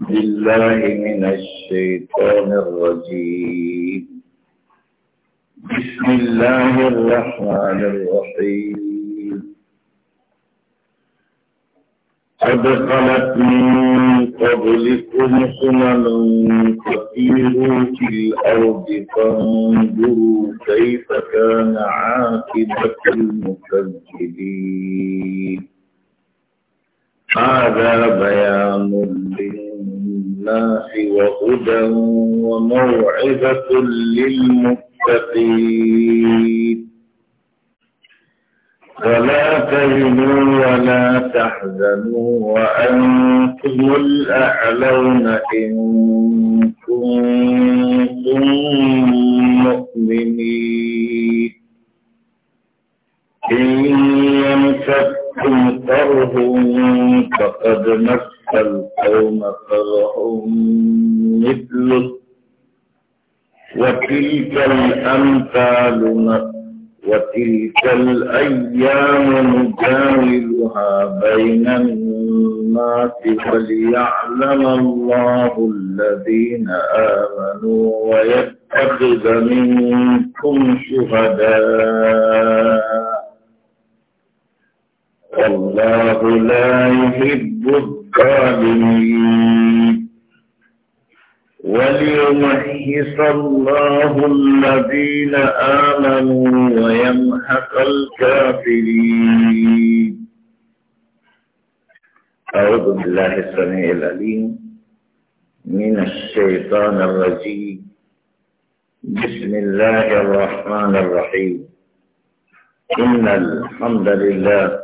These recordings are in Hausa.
بالله من الشيطان الرجيم بسم الله الرحمن الرحيم قد خلت من قبلكم سنن كثير في الأرض فانظروا كيف كان عاقبة المكذبين هذا بيان للناس الناس وهدى وموعظة للمتقين ولا تهنوا ولا تحزنوا وأنتم الأعلون إن كنتم مؤمنين إن يمسكم قره فقد مس القوم فرح مثله وتلك الأمثال وتلك الأيام نجاملها بين الناس وليعلم الله الذين آمنوا ويتخذ منكم شهداء والله لا يحب الظالمين وليمحص الله الذين آمنوا ويمحق الكافرين أعوذ بالله السميع العليم من الشيطان الرجيم بسم الله الرحمن الرحيم إن الحمد لله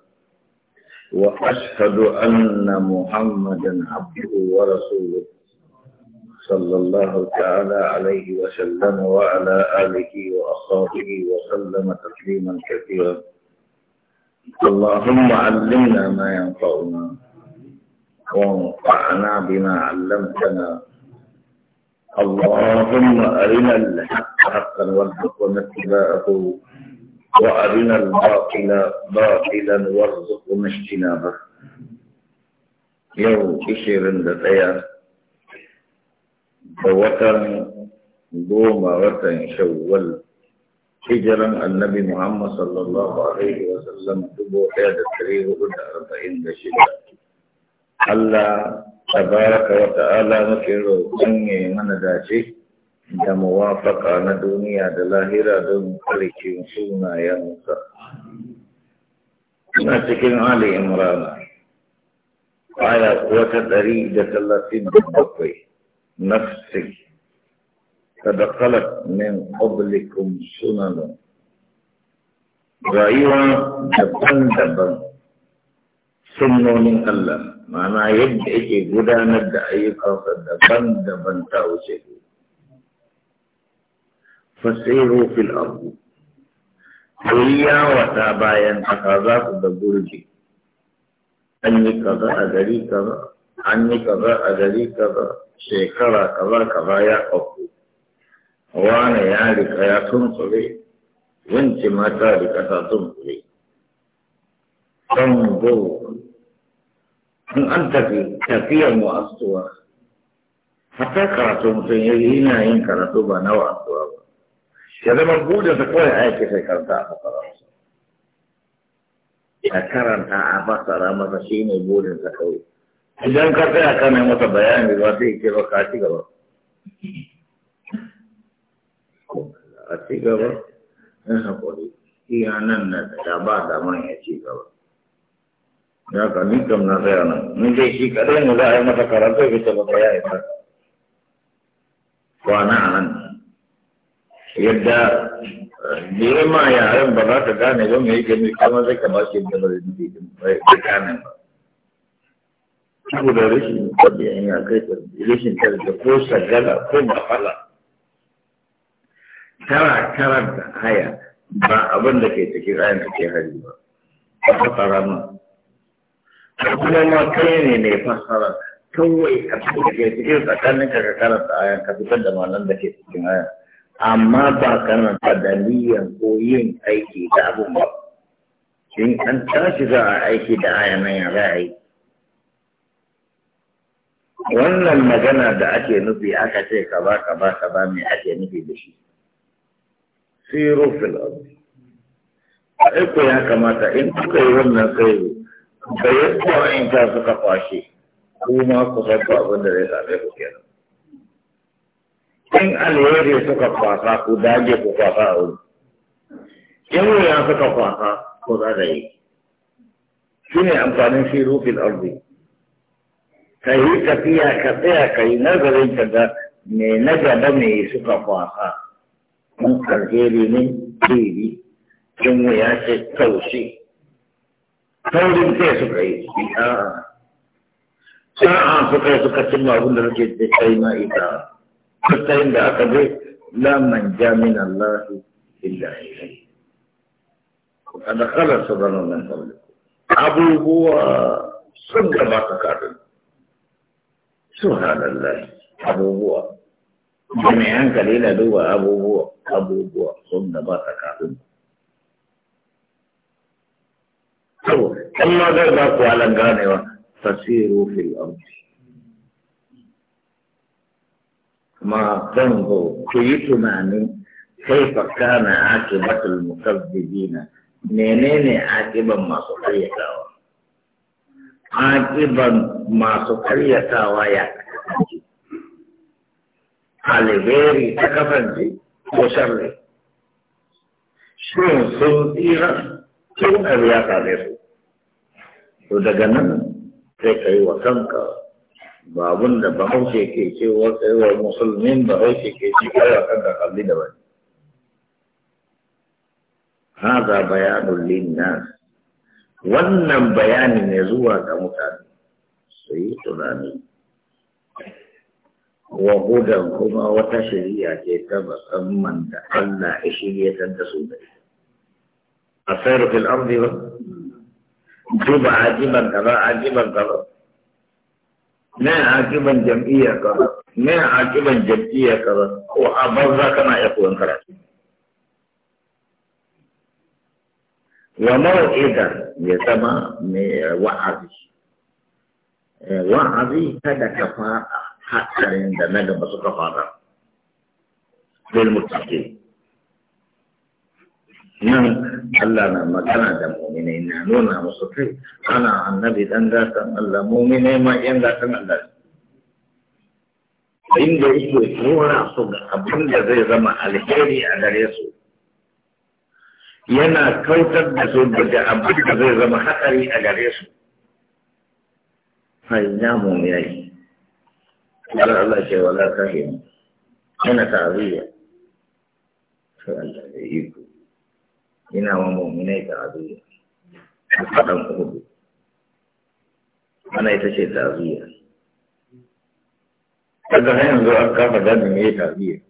وأشهد أن محمدا عبده ورسوله صلى الله تعالى عليه وسلم وعلى آله وأصحابه وسلم تسليما كثيرا اللهم علمنا ما ينفعنا وانفعنا بما علمتنا اللهم أرنا الحق حقا والحق اتباعه وأرنا الباطل باطلا وارزقنا اجتنابه يو إشيرن دتيا watan goma watan شوال hijiran annabi Muhammad sallallahu Alaihi wasallam dubu ɗaya da ɗari da arba'in da shida. Allah baraka wa ta'ala mafi roƙon ya mana dace da muwafaka na duniya da lahira don tsarkin sunayensa. Suna cikin Ali Imrana, aya kuwa ta ɗari da talatin da bakwai, nafsi, tadakalat min oblikum sunanin. Rayuwa daban-daban sunnonin Allah, mana yadda yake gudanar da ayyukansa daban-daban ta wuce fasiru fil ardi duniya wata bayan haka za su da burge an yi kaza a gari kaza an kaza kaza shekara kaza kaza ya auku ya rika ya tuntsure wance mata rika ta tuntsure kan go in an tafi tafiyar mu asuwa mutum yana yin karatu ba ba ya zama buɗe da kawai aiki sai karanta a fasaransa ya karanta a fasara masa shi ne buɗin sa kawai idan ka tsaya kana masa bayani ba sai ke ba ka ci gaba a ci gaba in haƙuri iya nan na da ba da man ya ci gaba ya ka ni kam na tsaya nan ni dai shi kaɗai ne za a yi masa karanta ya ce ba ya yi ba kwana a nan yadda nema yaren ba za ka gane ba mai gani kama zai kama shi da ba zai da gane ba saboda rashin tabi'in ya kai ta rashin tarbiya ko sagala ko mafala tara da haya ba abin da ke cikin ayan ke hari ba a fasara ma kuma ma kai ne ne fasara kawai a cikin tsakanin ka ka karanta ayan ka fitar da malan da ke cikin ayan amma ba karanta da ko yin aiki da abin ba Shi an tashi za a aiki da aya nan ya za a yi wannan magana da ake nufi aka ce ka ba ka ba ka ba mai ake nufi da shi siro filosofi aiko ya kamata in kuka yi wannan sai bayan yadda in ta suka kwashe kuma ku san abin da zai same ku kenan in alheri suka kwasa ku dage ku kwasa a wuri in wuya suka kwasa ku za da yi shi ne amfanin shi rufin arzi ka yi tafiya ka tsaya ka yi nazarin ka ga me na gaba me suka kwasa in alheri ne kiri in wuya ce taushe taurin kai suka yi a'a sa'a suka yi suka cimma abin da suke da kai ma ita? حتى aka je لا منجا من الله إلا إليه وقد خلص ظن من قبلكم أبو هو صدق ما تقارن سبحان الله أبو هو جميعا قليلا دو أبو هو أبو هو صدق ما تقارن Allah zai ba ku alan ganewa fasiru fil ardi ما تنظر في يتمان كيف كان عاقبة المكذبين منين عاقبة ما سخريتا عاقبة ما سخريتا ويا على غير تكفنتي وشرلي شنو سنتيرا شنو أبيات عليه ودقنا كيف يوصلك أيوة babun da bahaushe ke cewa tsayuwar musulmin bahaushe ke ci kawai kan da kalli da wani haza bayanun linnas wannan bayani ne zuwa ga mutane su yi tunani wa hudan kuma wata shari'a ce ta musamman da Allah ya shiryatar da su da ita a sayar fil ardi ba duba ajiban kaza ajiban gaba. me akiban jam'iyya kaza me akiban jam'iyya kaza ko a banza kana iya koyon karatu wa mawqidan ya zama me wa'azi wa'azi kada ka fara hadarin da na gaba suka fara bil mutaqin nan Allah na magana da muminai na nuna musu kai ana annabi dan gatan Allah muminai ma yan gatan Allah inda yake tsora su ga abin da zai zama alheri a gare su yana kautar da su daga abin da zai zama hatsari a gare su hai ya mu yayi Allah Allah ce wala kahin yana ta'ziya sai Allah ya yi ku yana wa mummunai ta'aziyya a faɗan uhudu ana ita ce ta'aziyya daga hanyar zuwa kafa gani ne ta'aziyya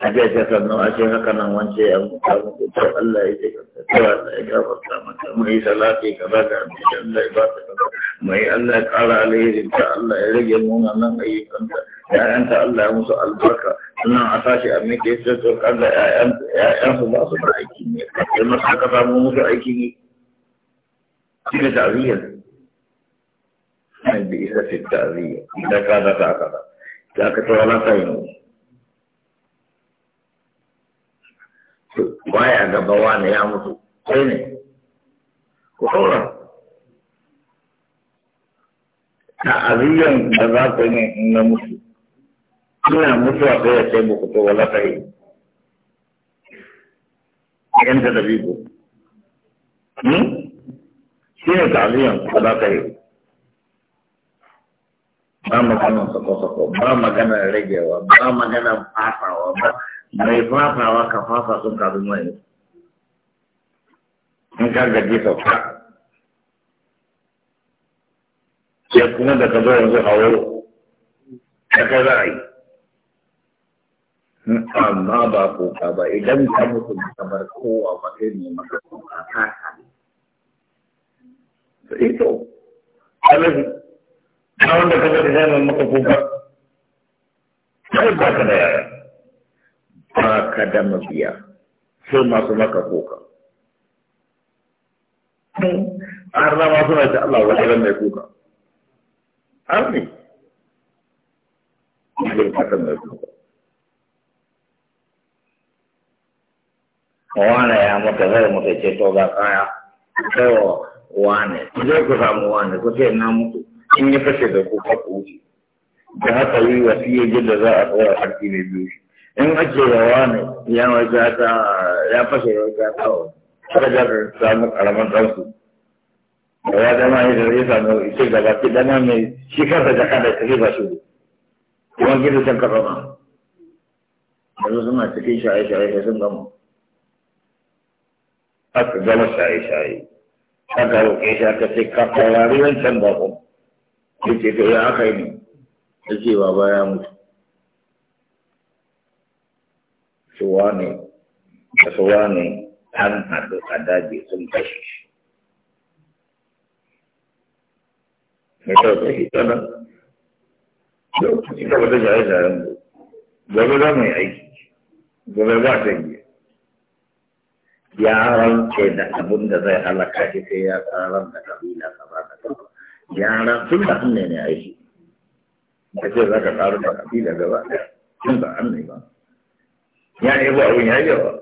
a ce ce kan nan ashe haka nan wance ya mutu mutu to Allah ya ce to Allah ya gafarta maka mai salati kaza da Allah ya ba ta kaza mai Allah ya kara alheri ta Allah ya rage muna nan ayyukan ta ƴaƴan ta Allah ya musu albarka sannan a tashi a mike su to kaza ƴaƴan ƴaƴan su ba su da aiki ne sai masa ka samu musu aiki ne shine ta'ziya ai bi isa fi ta'ziya idan ka da ta kaza da ka tawala ta yi baya gaba wani ya mutu sai ne ku ɗora ta'aziyyar da za ku yi na mutu ina mutuwa sai ya ce muku to wala ta yi yan da dabibu hmm? shi ne ta'aziyyar da za ka yi ba maganar sako-sako ba maganar ragewa ba maganar fasawa ba mai fafawa ka fafa sun kafin wani in ka gaji sauka sai kuma da ka zo yanzu hawo ta ka za a yi amma ba kuka ba idan ka mutu da kamar kowa ba kai ne maka A ka kare sai to alaji ta wanda ka zai zai maka kuka sai ba ka da yara ba ka da mabiya sai masu maka kuka hmm. an rama suna ce Allah wajen mai kuka har ne wajen fatan mai kuka wane ya mutu zai mutu ce to ga kaya sai wa wane zai ku samu wane ku ce na mutu in ya fashe da kuka ku wuce da haka yi wasiyar da za a tsaya a ƙarfi mai biyu shi in ake yawa ne ya waje ta ya fashe ya waje ta wa kajar samun karamin ɗansu da ya dama yi da ya samu ita gaba ki dama mai shi kansa jaka da tafi ba shi kuma gidan can kafa ma yanzu suna cikin shaye-shaye da sun gama aka gama shaye-shaye aka roƙe shi aka ce ka saurari wancan bakon ya ce to ya aka yi ne ya ce ba ya mutu suwa ne an hadu a daji sun kashe shi mai kyautar hita nan lokaci gaba da jare-jaren jayen gobe za mu yi aiki gobe ba ta yi ya rance da abin da zai halaka shi sai ya tsarar da kabila kaza da kaza Ya tun da hannu ne aiki da ce za ka tsarar da kabila gaba tun da an ne ba ya yi ba abin ya yi ba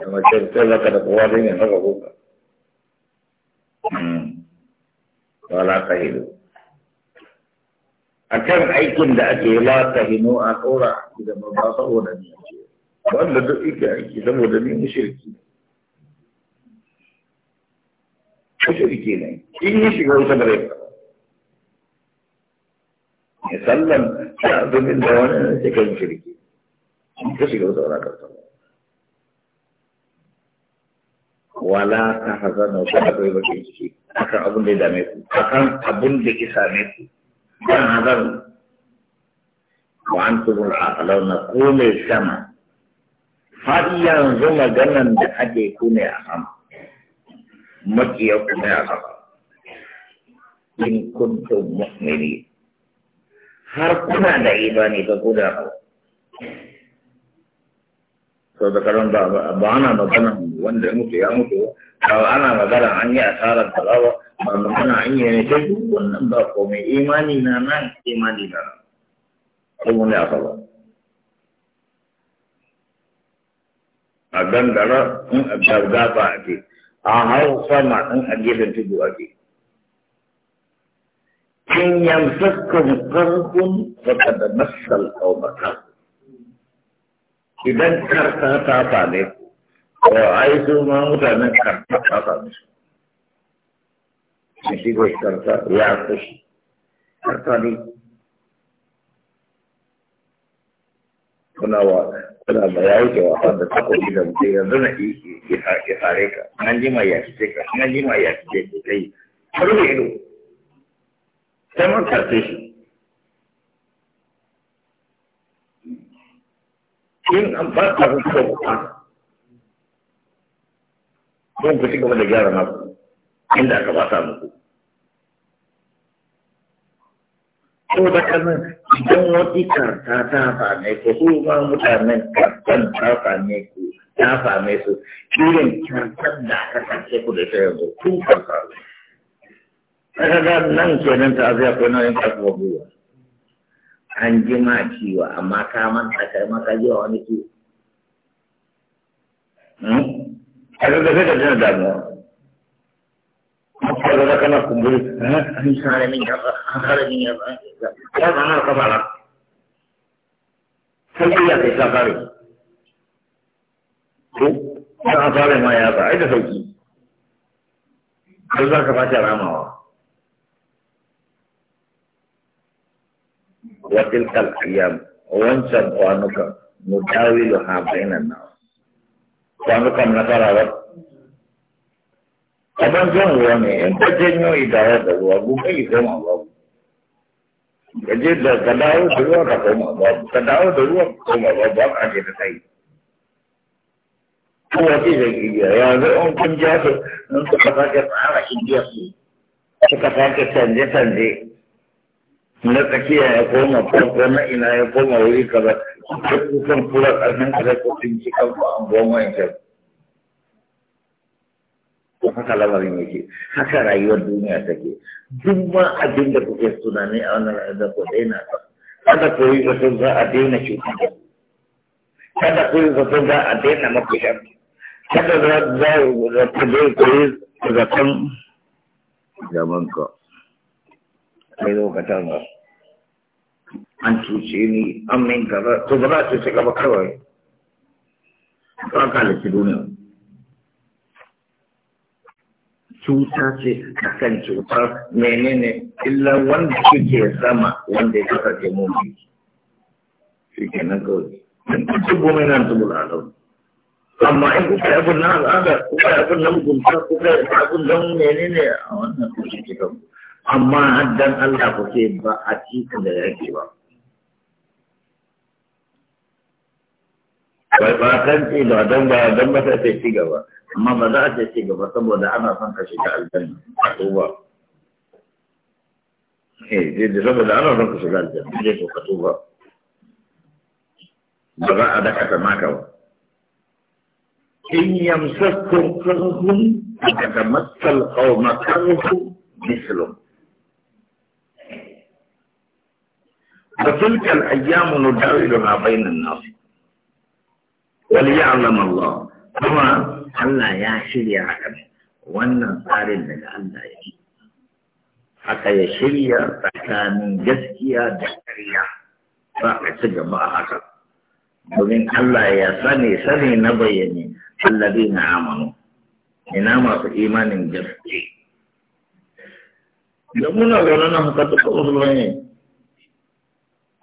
da mace ta zaka da kowa dai ne kuka wala ta aikin da ake la ta hinu a tsora a gida ba ba saboda ni wanda duk aiki saboda ni mushirki ne yi shiga sallan domin da wani sai ka yi shirki ka shiga wata wani karta wala ta hazana ko da kai bakin ciki akan abin da akan abin da same ku ban hazan wa antum al-aqlawna qul sama har yanzu maganan da ake ku a sama a sama in har kuna da imani ba ku da ku sau da karon ba ana magana wanda mutu ya mutu ba ana magana an yi asarar da ba magana an yi ne sai wannan ba mai imani na nan imani na nan kuma ne aka ba a gangara in a gaba ake a hau sama in a gefen tudu ake إن يمسككم قرح a مس su? ma إذا كرتا تعطاني وعايز ما متعنا كرتا karta مشي كوش كرتا karta كرتاني kuna wa kuna bayani ke wasa da takobi da mutum yanzu na iya tsare ka nan ji mai ya ce ka nan ji mai ya ce ka kai har ne ido sai mun karfe shi in an ba ta hukumar bukata don ku ci da gyara ku? inda aka ba sa muku ko da kana idan wani karta ta same ku su ma mutanen kartan ta same ku ta same su kiran kan da ka sace ku da ta yanzu karta kaga nan kenan ta zai akwai nauyin karfafa gwiwa an ji ma ciwo amma ka manta kai ma ka ji wa wani ciwo hmm? kaga da kaga jin damuwa kaga da kana kumburi eh? an sare min ya an sare min ya ya zana ka fara sai ya kai ka fara ko ka fara ma ya ba ai da sauki har za ka fata ramawa وتلك الأيام wancan kwanukan mu dawilu ha bainan nan kwanukan na farawar kaban zan ruwa ne in ka janyo idara da ruwa babu ka je da ka dawo da ruwa ka koma babu ka dawo da ruwa ka koma babu haka ce ta tsayi kowa ce da igiya yanzu in kun ja su in suka sake tsara su suka sake canje-canje na tsakiya ya koma farko na ina ya koma wuri kaza sai kusan kula ƙarfin ka sai kusan ci kanku an buwan wancan haka lamarin yake haka rayuwar duniya take duk ma abin da kuke tunani a wannan rayuwar da ku daina kada ku yi zaton za a daina cutar kada ku yi zaton za a daina maku shan kada za ku yi zaton zaman ka kai zo ka canza an cuce ni an min gaba to ba za a cuce gaba kawai ba ka halitta duniya cuta ce a kan cutar menene illa wanda suke sama wanda ya ke mummi shi ke nan kawai in tubu gome nan tubu al'adun amma in kuka yi abin na al'ada kuka yi abin na mugunta kuka yi abin don menene a wannan kuka ke kanku amma haddan Allah ku ce ba a cikin da yake ba bai ba kan ce da don ba don ba sai ci gaba amma ba za a ce ci gaba saboda ana son ka shiga aljanna ko ba eh dai da saboda ana son ka shiga aljanna dai ko ka tuba ba za a daka ta maka ba in yamsakkum karhun ka tamassal qawma karhu mislum فتلك الأيام نداولها بين الناس وليعلم الله كما الله يا شريا حكم وانا صار لك الله يا حتى يا شريا فكان جسكيا دكريا فأتسجى ما حكم domin Allah ya sani sani na bayyane allabi na amanu ina masu imanin gaske da muna zaune na haka duka musulmai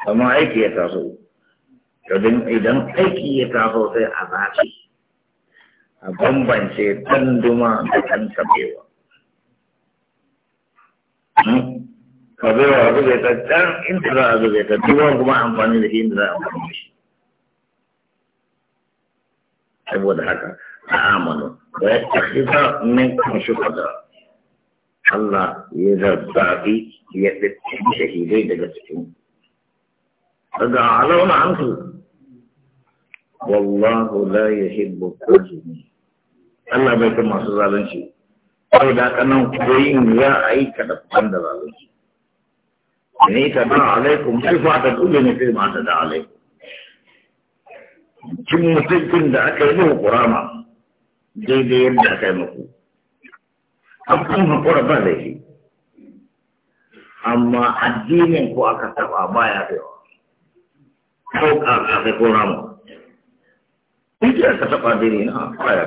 Kama aiki ya taso idan idan aiki ya taso sai a zafi a bambance ɗan duma da ɗan kabewa hmm? kabewa a zube ta can inda za a zube ta duwan kuma amfani da shi inda za a amfani da shi saboda haka a amanu da ya tafiza min kan shi fada Allah ya zarzafi ya shahidai daga cikin هذا على ولا عنه والله لا يحب الظالمين الله بيت ما سوى ذلك شيء أو إذا كان كريم يا أي كذا بند ذلك شيء يعني كذا عليكم كيف أتقول لي كيف ما تدعى عليكم كم مسلم ذا كانوا قراما جي جي ذا كانوا أبكم هكذا بعده أما الدين يكون أكثر أبايا فيه ko a fi kura mu. Ibi a ka taɓa diri na faya.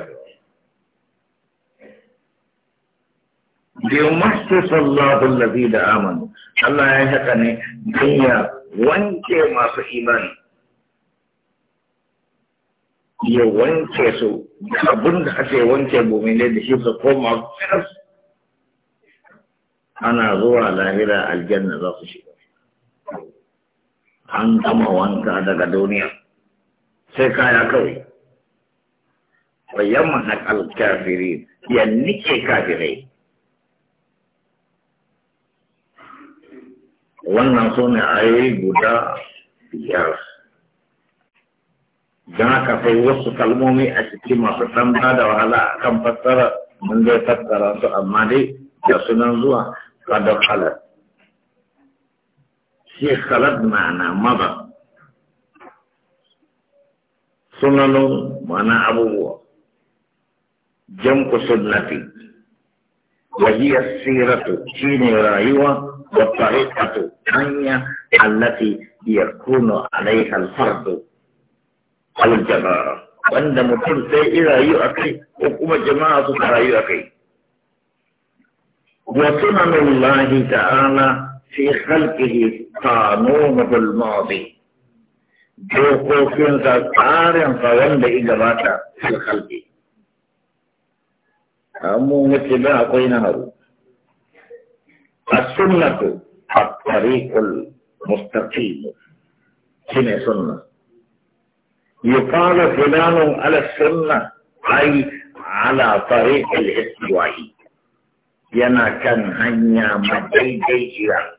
Bi masu sallahu da aman, Allah ya haka ne dunya wanke masu imani. Ya wanke su da abin da ake wanke gomi ne da shi su koma fiyas. Ana zuwa lahira aljanna za su shiga. an gama wanka daga duniya sai kaya kawai wa yamma haƙal kafiri ya nike kafirai wannan so ne ayoyi guda biyar don haka sai wasu kalmomi a ciki masu ɗan da wahala a kan fassara mun zai fassara su amma dai da sunan zuwa kadar halar shi khalad ma'ana maza sunanun ma'ana abubuwa jamku sunnati wa hiya siratu shine rayuwa wa tariqatu hanya allati yakunu alaiha al-fardu al-jama'a wanda mutum sai ya rayu a kai ko kuma jama'a suka rayu a kai wa sunanullahi ta'ala في خلقه قانونه الماضي جو خوفين ذا قارن قوان لإجراتا في خلقه أمو مثل ما أقوين هارو السنة الطريق المستقيم سنة سنة يقال فلان على السنة أي على طريق الاستواء ينا كان هنيا مدري جيجيا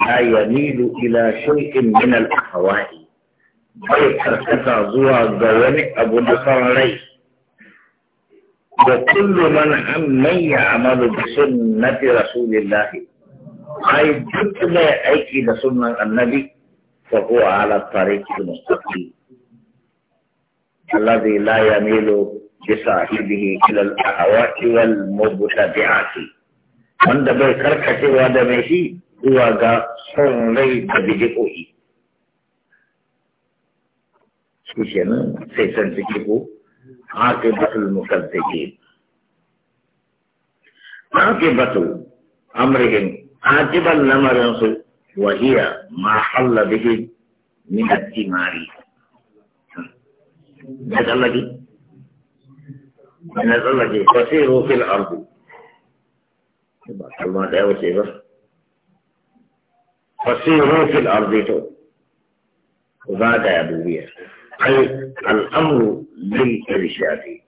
لا يميل إلى شيء من الأهواء bai karkata zuwa ga wani abu na son rai da kullum mana an manya amalu da sunnati rasulillahi ai duk mai aiki da sunan annabi fa huwa ala tariqil mustaqim alladhi la yamilu bi sahibihi ila al-ahwa'i wal mubtadi'ati wanda bai karkatewa da mai shi zuwa ga son rai da bidi'o'i shi sai san ciki ko aqibatul mukazzibin aqibatu amrihim aqiban lamarin su wa hiya ma halla bihi min al-thimari da tsallake fasiru fil ardi ba kalma da yawa ce ba فسيروا في الأرض وبعد أبوية أي الأمر للإرشاد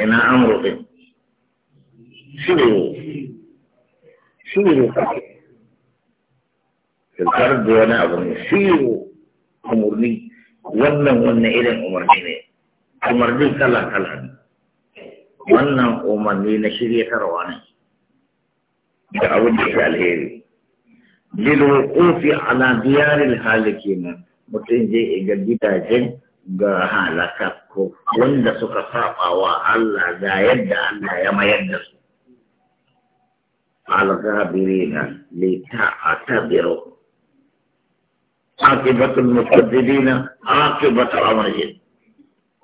أنا أمر بهم سيروا سيروا في الأرض وأنا أظن سيروا أمرني وأنا وأنا إلى أمرني أمرني كلا كلا وأنا أمرني نشرية رواني أعوذ بك الهيري للوقوف على ديار الهالكين متين جي غديتا جين غا هالك كو وند سوكا فاوا الله دا يد الله يما يد على غابرين لتعتبروا عاقبة المتددين عاقبة أمرهم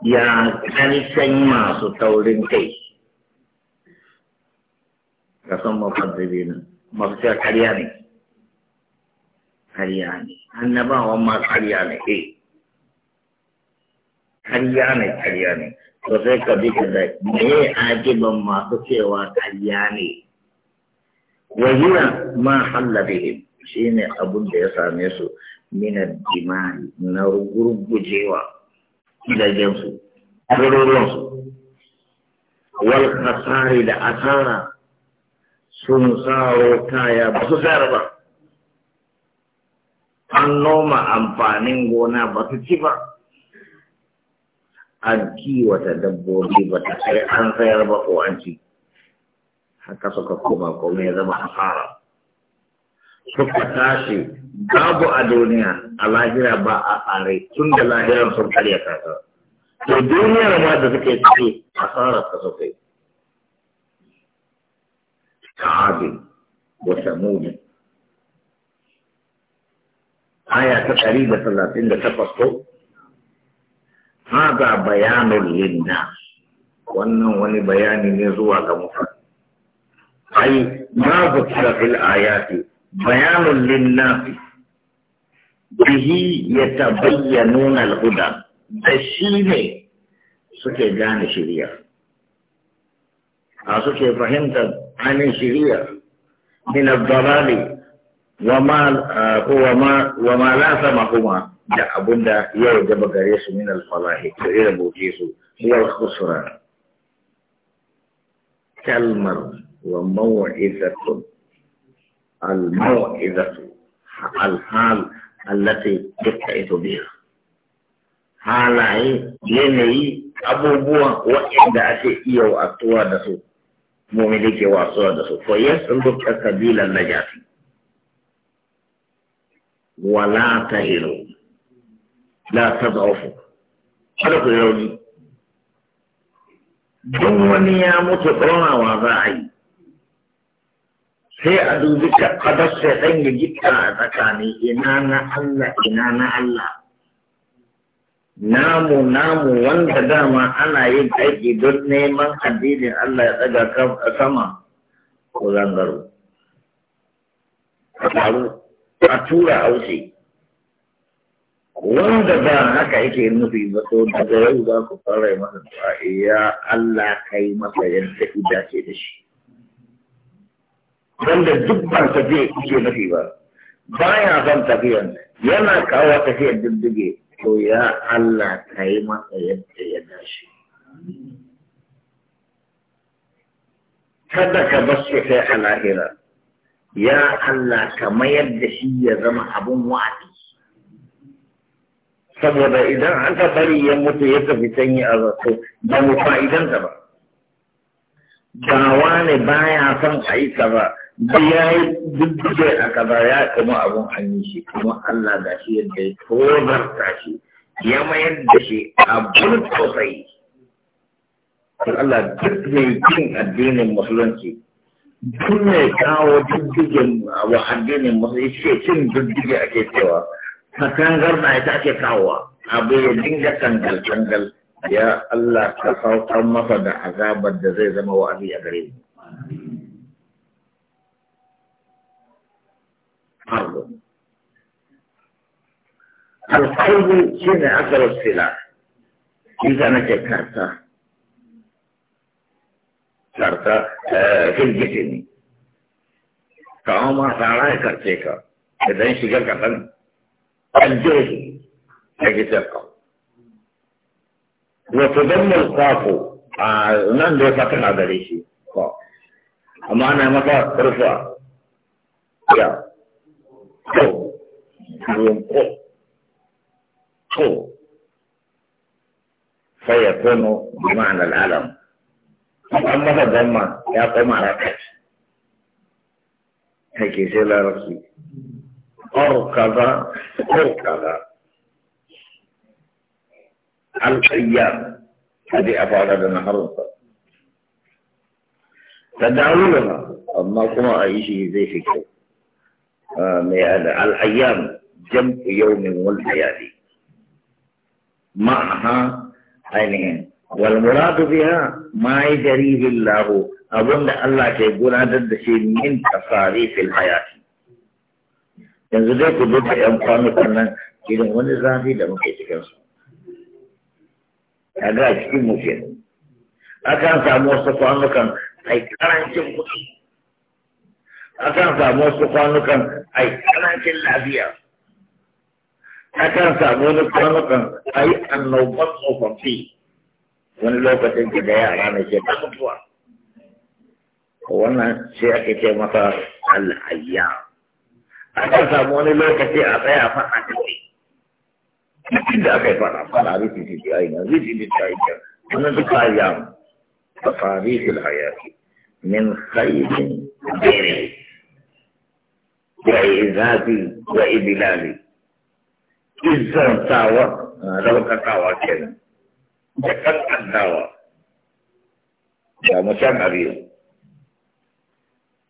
يا كنسة ما ستولين كي قسم المتددين مغسر كرياني karya ne annabawan ma karya ne eh karya ne karya ne to sai ka bi ka da me ajiban masu cewa karya ne wajira ma halla bihim shine abun da ya same su minar jimani na gurgujewa gidajensu garuruwansu wal khasari da asara sun saro kaya ba su sayar ba an noma amfanin gona ba su ci ba an kiwata dabbobi ba ta kai an sayar ba ko an ci haka suka koma komai ya zama asara suka tashi babu a duniya a lahira ba a tsare tun da lahirar sun karya kasa to duniyar ma da suke ciki asarar ta suka yi ta'abi wa samudi aya ta ɗari da talatin da takwas ko haza bayanin linna wannan wani bayani ne zuwa ga mutane ai ma zukira fil ayati bayanin linna bihi yatabayyanuna nuna al'uda. da shi ne suke gane shirya a suke fahimtar ainihin shirya min ad وما لازمهما ah, da abun da ya wajaba gare su min alfalahi da irin boke su wal khusran kalmar wa maw'izatun al maw'izatu al hal allati taqitu biha halaye yanayi abubuwa waɗanda ake iya wasuwa da su mu ke wasuwa da su Ko fa yasundu kabilan najati wala ta hero la ta zaufu kada ku yi rauni don wani ya mutu ɗorawa za a yi sai a dubi sai dan ya gita a tsakani ina na Allah ina na Allah namu namu wanda dama ana yin aiki don neman addinin Allah ya tsaga sama ko zangaro. a tura haushi wanda ba haka yake nufi ba to daga yau za ku fara yi masa du'a ya Allah kai masa yadda ida dace da shi wanda duk ban tafiya kuke nufi ba baya zan tafiyan yana kawo tafiyar diddige to ya Allah kai masa yadda ya dace kada ka bar shi kai a lahira ya Allah ka mayar da shi ya zama abun wa'azi saboda idan aka bari ya mutu ya tafi sanyi a zato ba mu fa'idan ba ba wani baya son a yi ba. da ya yi duk a kaza ya kuma abun an shi kuma Allah ga shi yadda ya tozarta shi ya mayar da shi abun tausayi Allah duk mai cin addinin musulunci duk mai kawo diddigin wa addinin musulmi ce cin diddige ake cewa katangar na ita ake kawowa abu ya dinga tangal tangal ya Allah ka saukar masa da azabar da zai zama wa'azi a gare mu shine shi ne akarar sila shi nake karta karta firgiti ne kawo ma tsara ya karce ka idan shiga kaɗan an jirgi a gitar ka wata zannar kwafo a nan da ya fata na gare shi amma ana maka rufa ya ko ruwan ko ko sai ya kono محمد بما يا قمرك هيك زلا ربي أركض أركض الأيام هذه أفعال لنا حرصة تدعو لنا أما كما أي شيء زي فكرة آه يعني الأيام جمع يوم والليالي معها عينين والمراد بها ما يجريه الله أظن الله كيقول هذا الشيء من تصاريف الحياة yanzu dai ku duka ‘yan kwanukan nan idan wani zafi da muke cikinsu a ga cikin muke akan samu wasu kwanukan ai karancin kuɗi akan samu wasu kwanukan ai karancin lafiya akan samu wani kwanukan ai annoban tsofaffi wani lokacin ki da yara ne ke ta mutuwa wannan sai ake ce masa al'ayya akan samu wani lokaci a tsaya faɗa kawai cikin da aka yi faɗa faɗa rufin shi ta yi nan rufin shi ta yi nan wani duka ayya tafarihul hayati min khairin ghairi wa izafi wa ibilali izzantawa raukatawa kenan da kankantawa da mutum a biyu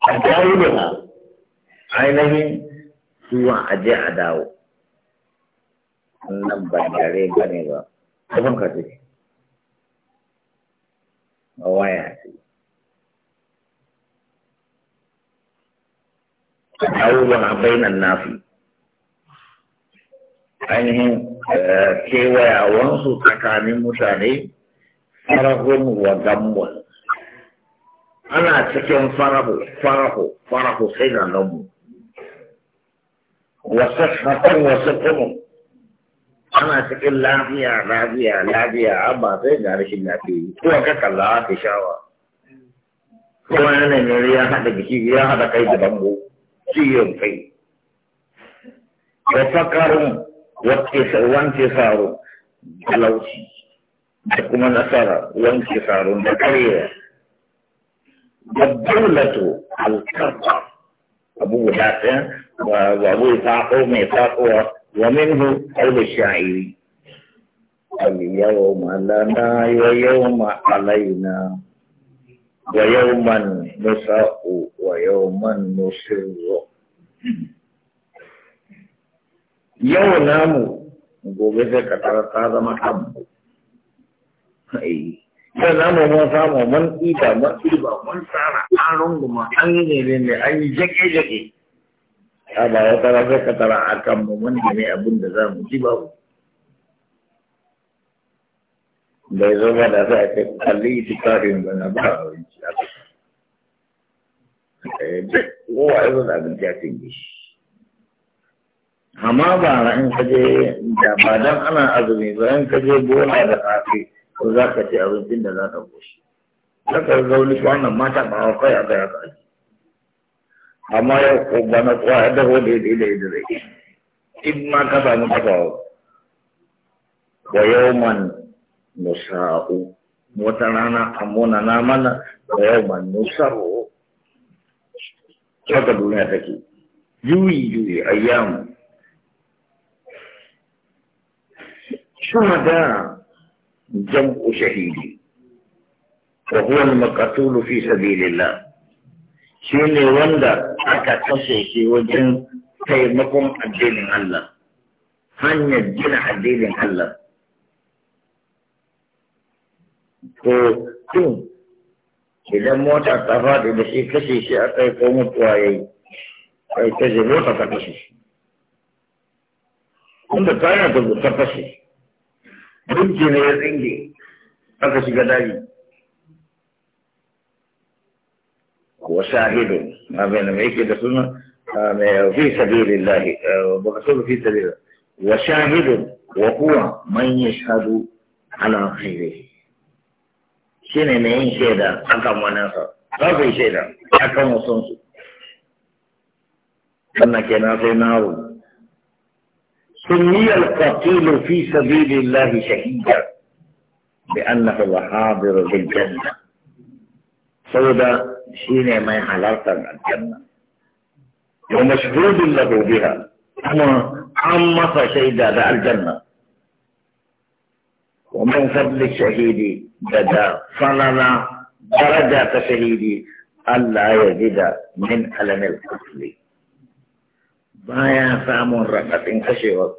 a dawo da ha ainihin zuwa aje a dawo nan ban gare ba ne ba kafin ka ce a waya ce a dawo da ha bainan nafi ainihin eh, kewayawansu tsakanin mutane farahun wa gambon ana cikin farahu farahu farahu sai da Gambo. wasu hakon wasu kuma ana cikin lafiya lafiya lafiya amma sai ga rashin lafiya ko ka kalla ta shawa kuma yana ne ya hada biki ya haɗa kai da bango ciyon kai da fakarun wanke saro talauci da kuma nasara wanke saro da karyewa da daulato alkarba abu guda ɗaya wa abu faɗo mai faɗowa wa minhu ƙaunar sha'iri اليوم لنا ويوم علينا ويوما نساء ويوما نسر yau namu gobe sai ka tara ta zama abu yau namu mun samu mun ida mun iba mun tsara an runguma an yi ne ne an yi jake jake a ba ya tara sai ka tara a kan mu mun ne abin da za mu ji ku, bai zo ba da za a ce kalli itikarin bana ba a abinci a eh, duk kowa ya zo da abinci a cikin shi amma ba na in kaje da ba dan ana azumi ba in kaje bola da safe ko za ka ci abincin da za ka goshi za ka ko wannan mata ba a kai a kai a amma ya ko ba na kwa da ko da da da da in ma ka samu ba wa yawman nusa'u wata rana amuna na mana wa yawman nusa'u haka duniya take juyi juyi ayyamu الشهداء جمع شهيد وهو المقتول في سبيل الله شيني وندا أكا تشيشي وجن تيمكم الدين الله هن الدين الدين الله ko tun idan mota ta faɗi da shi kashe shi a kai ko mutuwa ya yi kai ta je mota ta kashe shi inda kayan ta ta kashe Rinki ne ya tsinge, aka shiga daji. Ko shahidu, abin da yake da suna a mai fi lahi ba ka bukatu fi sabilillahi. Wa shahidu wa kuwa man shahadu ala khairihi. Shi ne mai yin shaida a kan wanansa, ba su yi shaida kan wasansu. Sannan kenan sai na rubuta. سمي القتيل في سبيل الله شهيدا بأنه الحاضر بالجنة سودا شين ما حلرت الجنة ومشهود له بها أما عمص شهيدا دع الجنة ومن فضل الشهيد بدا صلنا درجة شهيدي ألا يجد من ألم القتل baya samun rakatin kashewa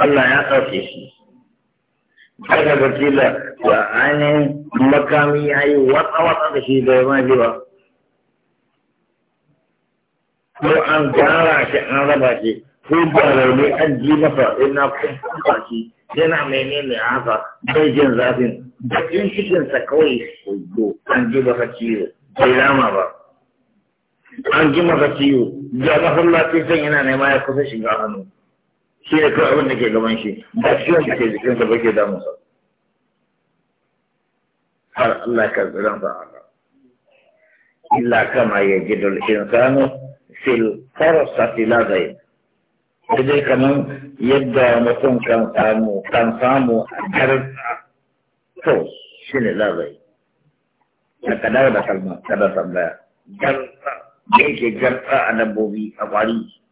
Allah ya ɗauke shi daga bakila da ainihin makami ya yi watsa-watsa da shi bai ma ba ko an gara shi an raba shi ko ba rauni an ji masa ina kuma shi yana menene haka bai jin zafin bakin cikinsa kawai ko an ji ka ciwo bai rama ba an ji masa ciwo ga masallaci can yana nema ya kusa shiga hannu shi ne kawai abin da ke gaban shi ba ciwon da ke jikinsa ba ke damunsa har Allah ka tsiran sa Allah illa kama ya gidul insanu fil farsati la zai dai kaman yadda mutum kan samu kan samu har to shine la zai ka dawo da kalma kada tambaya garza da yake garɗa a dabbobi a ƙwari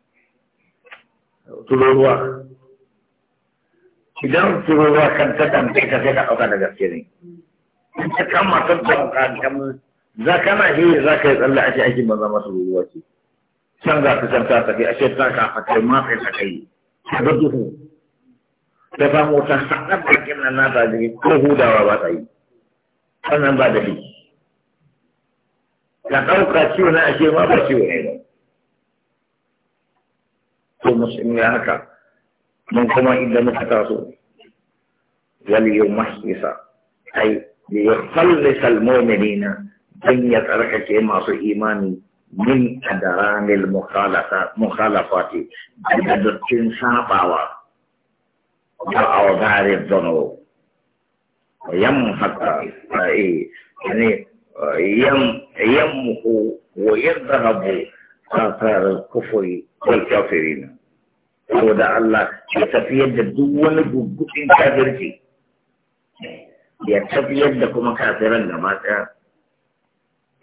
tururuwa idan tururuwa kan ta tambaye ka sai ka ɗauka da gaske ne in ta kama ta ɗauka kamar za ka na shi za ka yi tsalle a ce ake maza masu ruruwa ce can za ka san ta tafi a ce ta ka fatai ma sai ta kai ta ga duhu ta samu ta haɗa bakin nan na ta jirgin ko hudawa ba ta yi sannan ba da shi ka ɗauka ciwo na ashe ma ba ciwo ne ba to musulmi ya haka mun kuma inda muka taso wal yumahhisa ay li yukhallisa al mu'minina dan ya tsarkake masu imani min adaranil mukhalafa mukhalafati daga dukkan sabawa da awdarin zanowo yamhaka ai ne يمه ويذهب آثار الكفر والكافرين ودع الله يتفيد دول بوجود كافرتي يتفيد لكم كافرا كما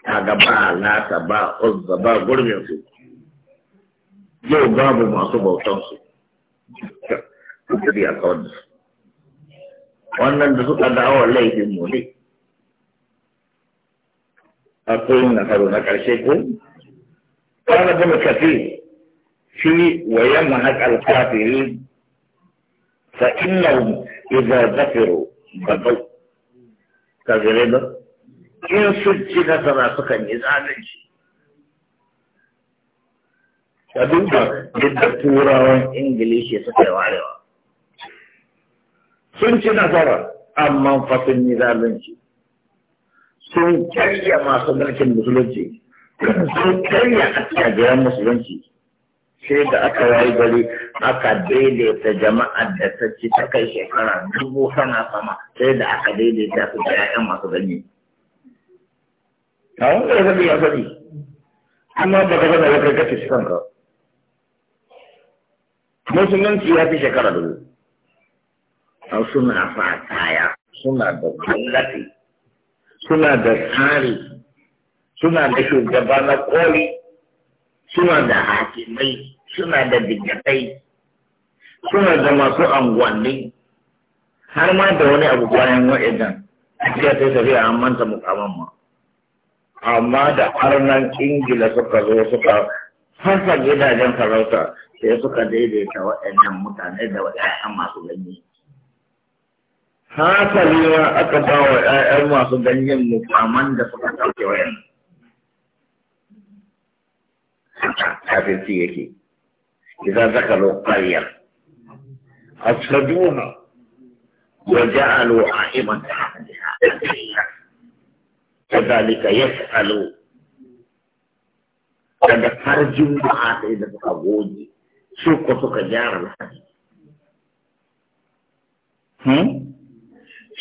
kaga ba lata ba uzza ba gurbin su yau babu masu bautan su kudi a kawai wannan da suka dawo laifin mu ne akwai na karo na ƙarshe ko kana bin kafi fi wa yamma haƙal kafiri fa innahum idza zafiru badau kafirai ba in sun ci nasara sukan yi zalunci ka duba yadda turawan ingilishi suka yi warewa sun ci nasara amma fa sun yi zalunci sun karya masu garkin musulunci sun karya a cikin musulunci sai da aka yi gari aka daidaita jama'a da ta ci ta kai shekara dubu sana sama sai da aka daidaita su da 'ya'yan masu ganye. A wanda ya faɗi ya faɗi, amma ba ka gana kai kace shi kanka. Musulunci ya fi shekara dubu. Suna fataya, suna da gwamnati, suna da tsari suna da shugaba na kori, suna da hakimai suna da digatai suna da masu angwanni har ma da wani abu bayan wa'idan cikin ta tafi a manta mukaman ma amma da arnan ingila suka zo suka fasa gidajen sarauta sai suka daidaita waɗannan mutane da wa'idan masu ganye hasali ma aka ba wa ‘ya'yan masu ganyen mukaman da suka ɗauke wayan. Kafirci yake, idan zaka lo ƙaryar. أفسدوها وجعلوا عائمة أهلها كذلك يسألوا kada har juma'a sai da suka goge su ko suka gyara lahani. Hmm?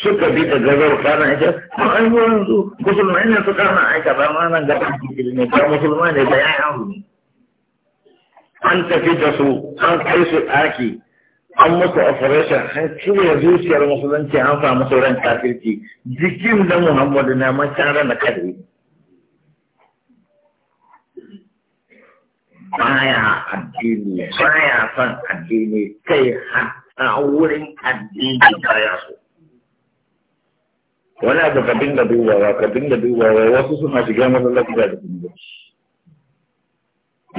suka bi da gazar kana ita ba ai wurin su musulmai ne su kana aika ba ma nan gaban kiri ne ba musulmai ne da yayan su an tafi da su an kai su ɗaki an musu operation an cire zuciyar musulunci an samu sauran kafirci jikin da muhammadu na masara na kadai baya addini baya son addini kai har a wurin addini baya su. wani abu ka dinga dubawa ka dinga dubawa wasu suna shiga masallaci da su dinga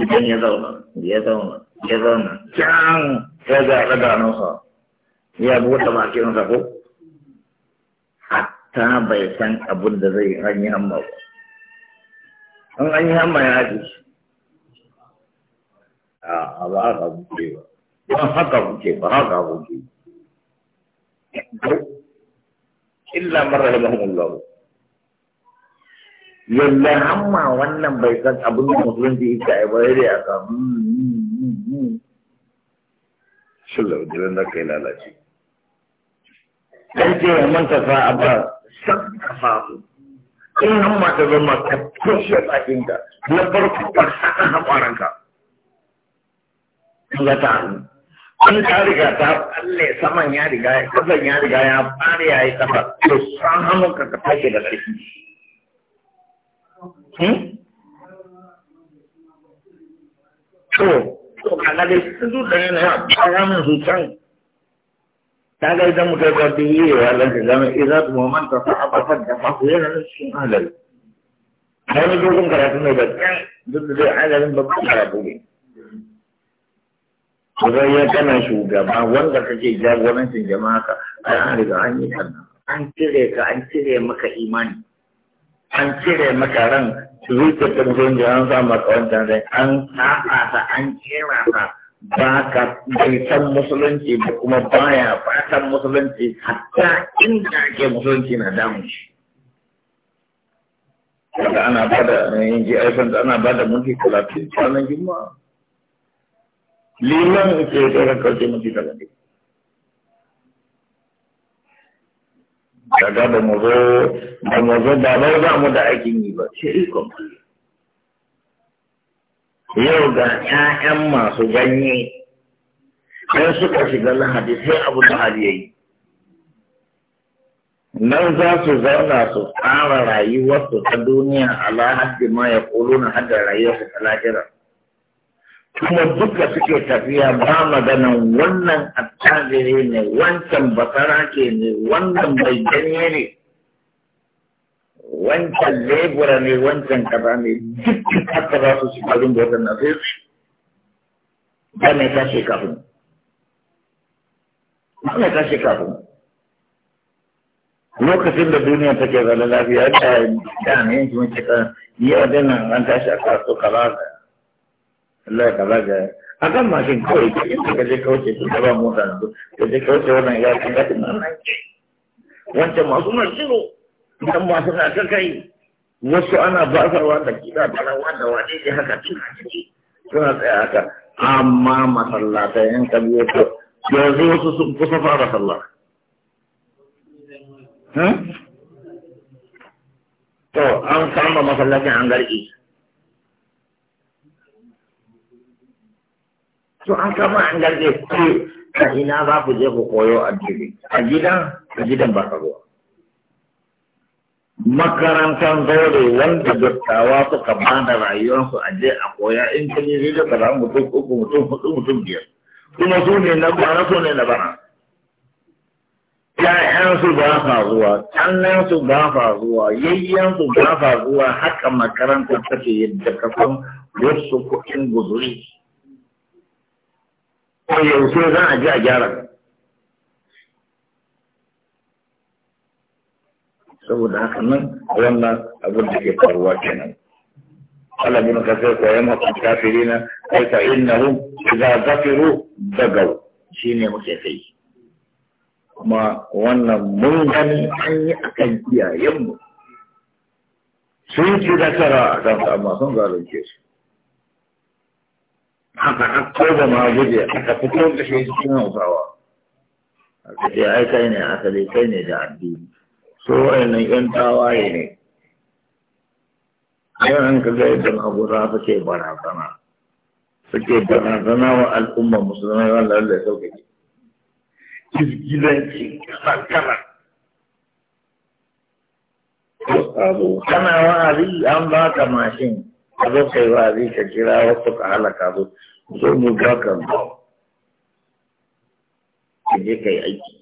idan ya zauna ya zauna ya zauna can ya ga daga nusa ya buɗe bakin sa ko hatta bai san abin da zai an yi hamma ba an an yi hamma ya haɗe a ba haka kuke ba don haka kuke ba haka kuke illa man rahimahullah yalla amma wannan bai san abin da musulunci yake ai ba dai aka sallallahu alaihi wasallam kai lalace dan ce man ta fa abba san ka fa in nan ma ta zama ka a inda na farko ka sa haƙwaranka ka ta an ta riga ta kalle saman ya riga ya kasan ya riga ya fara ya yi kafa to san hannun ka ka tashi da ƙarfi hmm? to to kaga dai sun zo da yana fara min su can ta ga idan mutum ka fi yi wa lanka zama idan su mamman ta fa'a ba fadda ba ku yana nan cikin adal wani dogon karatu ne da can duk da dai adalin babban karatu ne Kusan ya kana shugaba wanda kake jagorancin jama'a ka ai an riga an yi sannan. An cire ka an cire maka imani. An cire maka ran zuciyar ta mutum da an sa maka wancan rai an tsafa ta an kera ta ba ka bai san musulunci ba kuma baya ba fatan musulunci hatta inda ake musulunci na damun shi. Wanda ana bada yin ji aisan da ana bada mulki talatin kwanan juma'a. liman ce ta rankar ce mafi talatin daga da mu da mazo da ba za mu da aikin yi ba sai ikon yau ga 'ya'yan masu ganye sai suka shiga lahadi sai abu da hali yayi nan za su zauna su tsara rayuwarsu ta duniya ala haddi ma ya kuluna hadda rayuwarsu ta lahira kuma duka suke tafiya ba maganan wannan attajiri ne wancan basara ke ne wannan mai ganye ne wancan lebura ne wancan kaza ne dukkan haka za su shiga da waɗannan sai su ba mai tashi kafin ba mai tashi kafin lokacin da duniya take zaune lafiya da da ne yanki mace kan yi wadannan an tashi a kasu kaza Allah ka zaga a kan mashin kawai ta inda ka je kauce su ta ba mota yanzu ka je kauce wannan ya kan gatin nan wancan masu na shiro dan masu na ta kai wasu ana ruwa da kida da rawa da wani ne haka tun a ciki suna tsaya haka amma masallatai in ka biyo yanzu wasu sun kusa fara sallah hmm? to an kama masallacin an garki to an kama an garge ce a ina za ku je ku koyo addini a gidan a gidan ba ka zuwa makarantar zaure wanda dattawa suka ba da rayuwarsu a je a koya in kun yi zai ka samu mutum uku mutum hudu mutum biyar kuma su ne na kwana su ne na bana ‘Ya'yansu ba sa zuwa, ƙannansu ba sa zuwa, yayyansu ba sa zuwa haka makarantar take yadda kafin wasu kuɗin guzuri. ko yaushe za a ji a gyara saboda haka nan wannan abin da ke faruwa kenan قال ابن na ويمحق الكافرين قلت انهم اذا ظفروا muke muke مكيفي kuma wannan mun gani an yi a kan iyayenmu sun ci nasara a kan amma sun zalunce su aka da da maguje aka fito da shi cikin hausawa aka ce ai kai ne asali kai ne da addini so wa'annan yan tawaye ne yau an ka ga yadda magura suke barazana suke barazana wa al'umma musulmai wanda Allah ya sauƙaƙe izgilanci kala-kala kana wa'azi an baka mashin a zo kai wa'azi ka kira wasu ka halaka su zo mu ga ka ka je ka yi aiki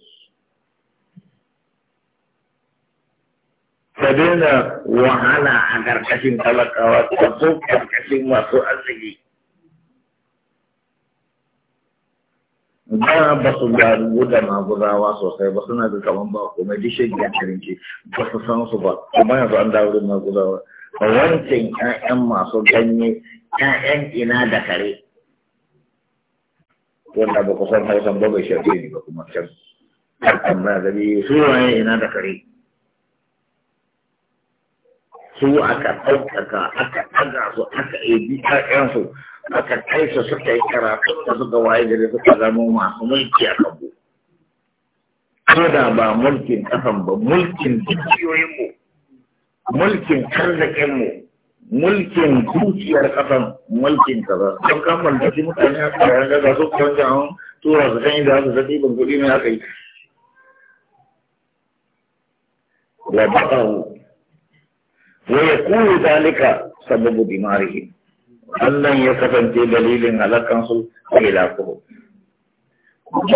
ka daina wahala a ƙarƙashin talakawa ta ko ƙarƙashin masu arziki ba ba su gano da maguzawa sosai ba suna da kaman ba kuma duk shi ya kirinci ba su san su ba kuma yanzu an dawo da maguzawa a wancan 'ya'yan masu ganye 'ya'yan ina da kare wanda ba ku san hausan ba bai shafe ni ba kuma can amma da bi su waye ina da kare su aka ɗaukaka aka ɗaga su aka ebi ƴaƴansu aka kai su suka yi karatu da suka waye gari suka zama masu mulki a kanmu ko da ba mulkin ƙasan ba mulkin dukiyoyinmu mulkin mu. mulkin dukiyar kasan mulkin kaza don da shi mutane a yaran gaza su kan jawon tura su kan da su zaɗi ban kuɗi mai aka yi wa ba'ahu wa yakunu dalika sababu dimarihi Allah ya kasance dalilin halakan su ila ko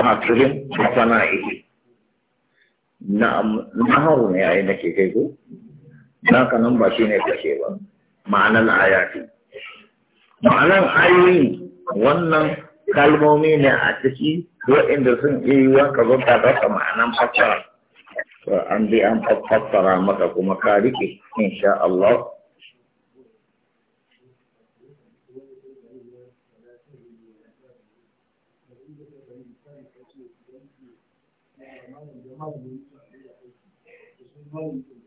makirin fana'ihi Na haru ne yi nake kai ko Na kanan ba ne kashe ba ma'anar ayati ma'anar ayoyi wannan kalmomi ne a ciki waɗanda sun iya yi wanka zo ta rasa ma'anar fassara to an bi an fassara maka kuma ka riƙe, insha Allah Thank you.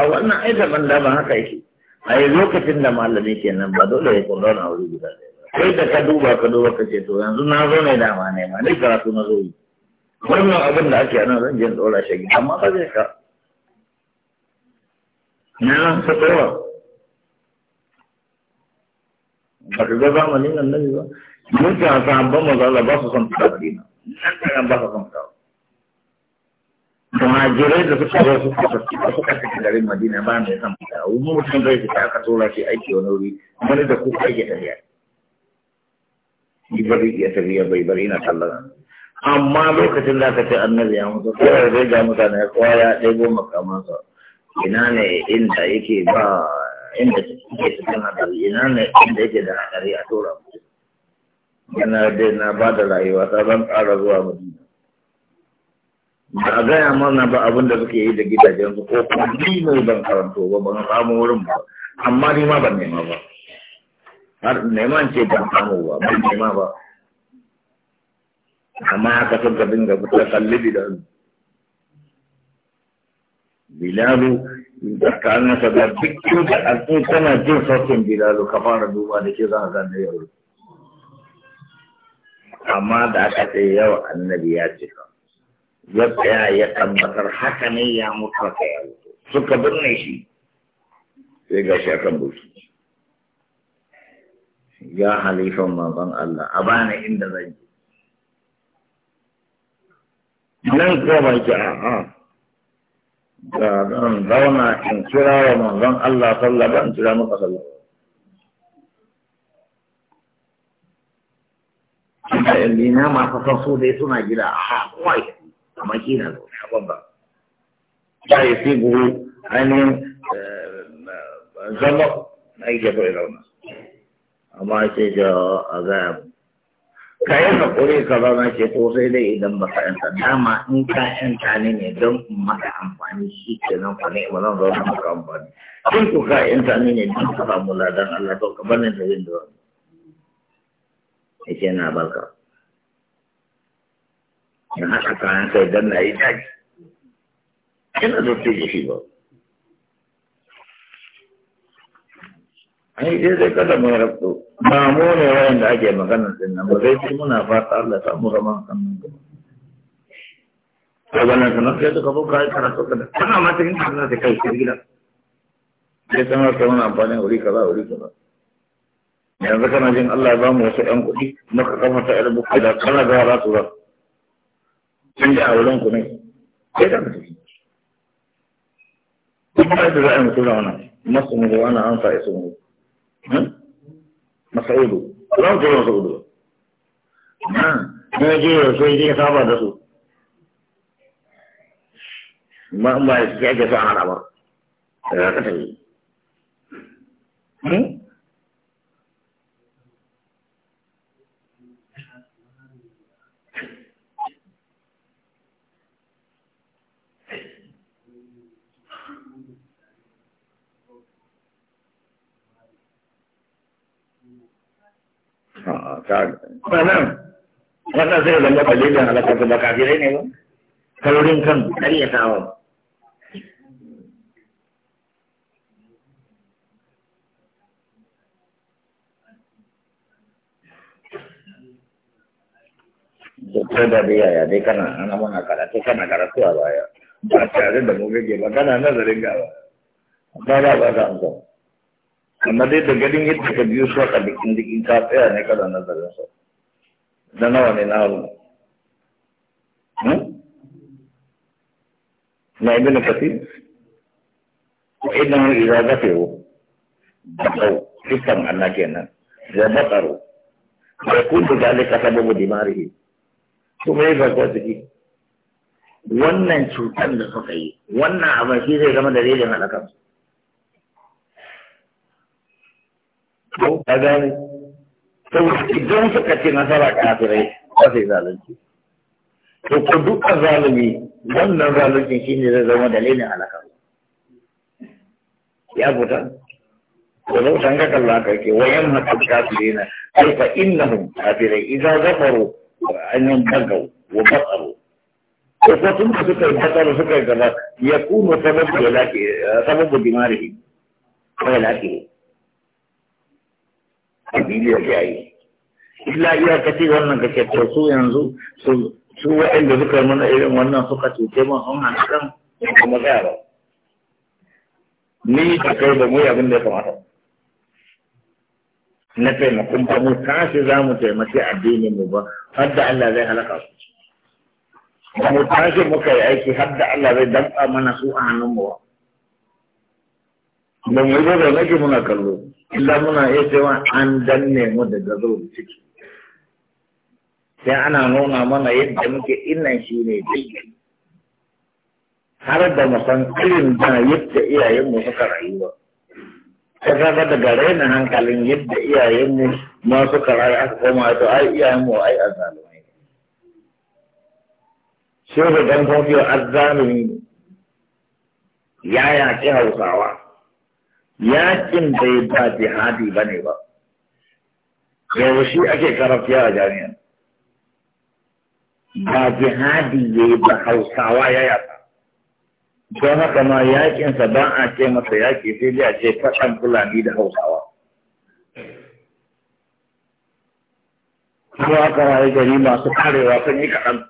a wannan ai daban da ba haka yake a yi lokacin da malami kenan ba dole ya kullon a wuri guda sai da ka duba ka duba ka ce to yanzu na zo ne dama ne ma ni karatu na zo yi wannan abin da ake nan zan je in ɗora shi amma ba zai ka na nan sa tsawa ba ka ga zamanin nan nabi ba mun ta sabon mazala ba su son fita madina nan da ba su son fita muhajirai da suka zo suka suka tafi garin madina ba mai san fita wani mutum zai fita ka tura shi aiki wani wuri wani da kuka yake tafiya ni bari iya tafiya bai bari na sallan amma lokacin da aka ce annabi ya mutu da zai ga mutane ya kowa ya ɗebo makamansa ina ne inda yake ba inda yake cikin hadari ina ne inda yake da hadari a tura mutum yana dai na ba da rayuwa ta zan ƙara zuwa madina ba a gaya mana ba abin da suke yi da gidajen su ko kuma ni mai ban karanto ba ban samu wurin ba amma ni ma ban nema ba har neman ce ban samu ba ban nema ba amma haka sun ka dinga fitar kallibi da bilalu tsakanin sa da duk da alƙi tana jin sautin bilalu ka fara duba da ke za a gane yau amma da aka ce yau annabi ya ce ka ya tsaya ya tabbatar haka ne ya mutu haka ya mutu suka binne shi sai ga shi akan buki ya halifan mazan Allah a bani inda zan yi. nan kuma ki a a ga zan zauna in kira wa mazan Allah sallallahu alaihi kira maka sallallahu alaihi na masu san su dai suna gida a kawai amma shi na zaune a babba ya yi fi guru ainihin eh, zama na yi jafa ya zauna amma ce ga a gaya mu ka yi haƙuri ka zauna ce to sai dai idan ba ka yanta dama in ka yanta ne ne don maka amfani shi ke nan fa ne ba zan zauna maka amfani in ku ka yanta ne ne don ka samu ladan Allah to ka bar ne da yin da wani ya ce na barka ya haɗa kayan sai don na yi daji ina da ce da shi ba ai dai zai kada mai rabto ba mu ne wayan da ake magana din nan ba zai ce muna fata Allah ta mu a kan nan gaba wannan sanar sai suka zo kai karatu kada kana ma cikin kana sai kai cikin gida sai sanar sai muna amfani wuri kaza wuri kaza yanzu kana jin Allah ya ba mu wasu ƴan kuɗi muka kafa ta ƴar bukka da kana ga za su zama in da a wurin ku ne sai da ka tafi kuma da za mutu da masu mu ana an sa isu mu hmm? masaudu za mu tura masaudu na je ya so je saba da su ma ba ya ke sa ana ba da ka tafi wannan wannan zai zama dalilin halakar da kafirai ne ba taurin kan karyatawa Dokter da biya ya dai kana ana mana karatu kana karatu a baya ba tare da mu gaje ba kana nazarin gaba ba ba ba da amsa amma dai da ganin yadda ka biyu su a bikin dikin ka tsaya ne kada nazarin sa da nawa ne na haru hmm? na Ko kathir wa innahu idza zafiru baqaw fitan anna kenan ya baqaru ya kuntu zalika sababu dimarihi to me ga ko ciki wannan cutar da suka yi wannan abin shi zai zama dalilin halakansu ko ka gane saboda idan suka ce nasara kafirai ba sai zalunci to ko dukkan zalumi wannan zalunci shine zai zama dalilin halaka ya buta ولو تنك الله كيك ويمهق الكافرين أي suka yi a da yayi illa iya kace wannan kace to su yanzu su su wanda suka mana irin wannan suka tuke mun an hana kan kuma ga ba ni da kai ba mu yi abin da ya kamata na taimakon ba mu tashi za mu taimaki addini mu ba har da Allah zai halaka su ba mu tashi mu kai aiki har da Allah zai danka mana su a hannun mu ba ba mu yi ba zaune muna kallo illa muna iya cewa an danne mu daga zo ciki sai ana nuna mana yadda muke innan shi ne daidai har da mu irin da yadda iyayenmu suka rayuwa ta kaga daga raina hankalin yadda iyayenmu ma suka rayu aka koma to ai iyayenmu ai azzalumai shehu dan fofiyo ne. Yaya ce hausawa yakin bai ba jihadi ba ne ba Yaushe shi ake karafiya a jami'a ba jihadi ya yi ba hausawa ya yata don haka ma yakinsa ba a ce masa yaki sai dai a ce faɗan fulani da hausawa kuma aka rayu gari masu karewa sun yi kaɗan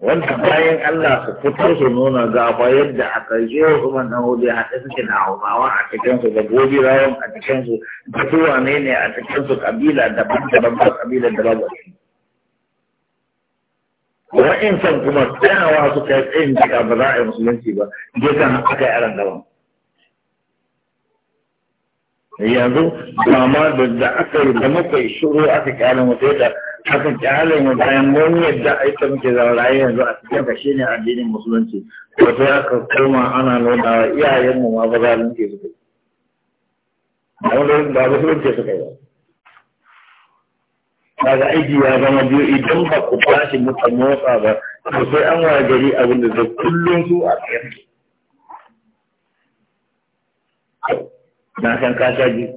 wanda bayan Allah su fito su nuna ga fa yadda a ƙarshe wasu wannan hudu ya haɗe suke da hausawa a cikinsu da rayon a cikinsu da kowane ne a cikinsu ƙabila daban-daban ba ƙabila da babu wa'in san kuma tsayawa su kai tsayin jika ba za a yi musulunci ba gefen haka yi aran daban yanzu ba ma da aka yi da mafai shuru aka kyanin wata yadda kafin kyale mu bayan mun yadda aika muke muke zauraye yanzu a cikin ka shine addinin musulunci wato ya ka koma ana nuna wa iyayen mu ma ba za mu ke suka ba musulunci suka yi ba ga aiki ya zama biyu idan ba ku bashi muka motsa ba to sai an wa gari abin da zai kullum su a tsaye na san ka ji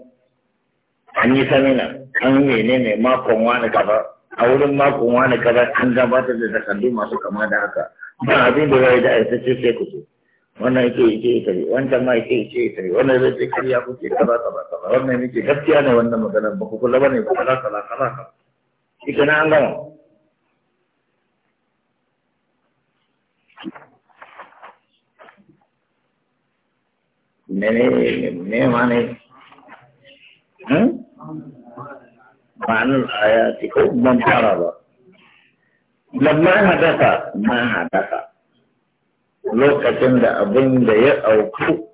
an yi samina an menene makon wani gaba a wurin makon wani kaza an gabatar da takardu masu kama da haka ba abin da zai da aikace sai ku ce wannan yake yake ya tare wancan ma yake yake ya tare wannan zai ce kariya kuke kaza kaza kaza wannan yake gaskiya ne wannan magana ba ku kula bane ba kaza kaza kaza kika na an gama mene ne ma ne معنى الآيات حبا حرضا لما حدث ما حدث لوكا تندى أظن دا يأوكو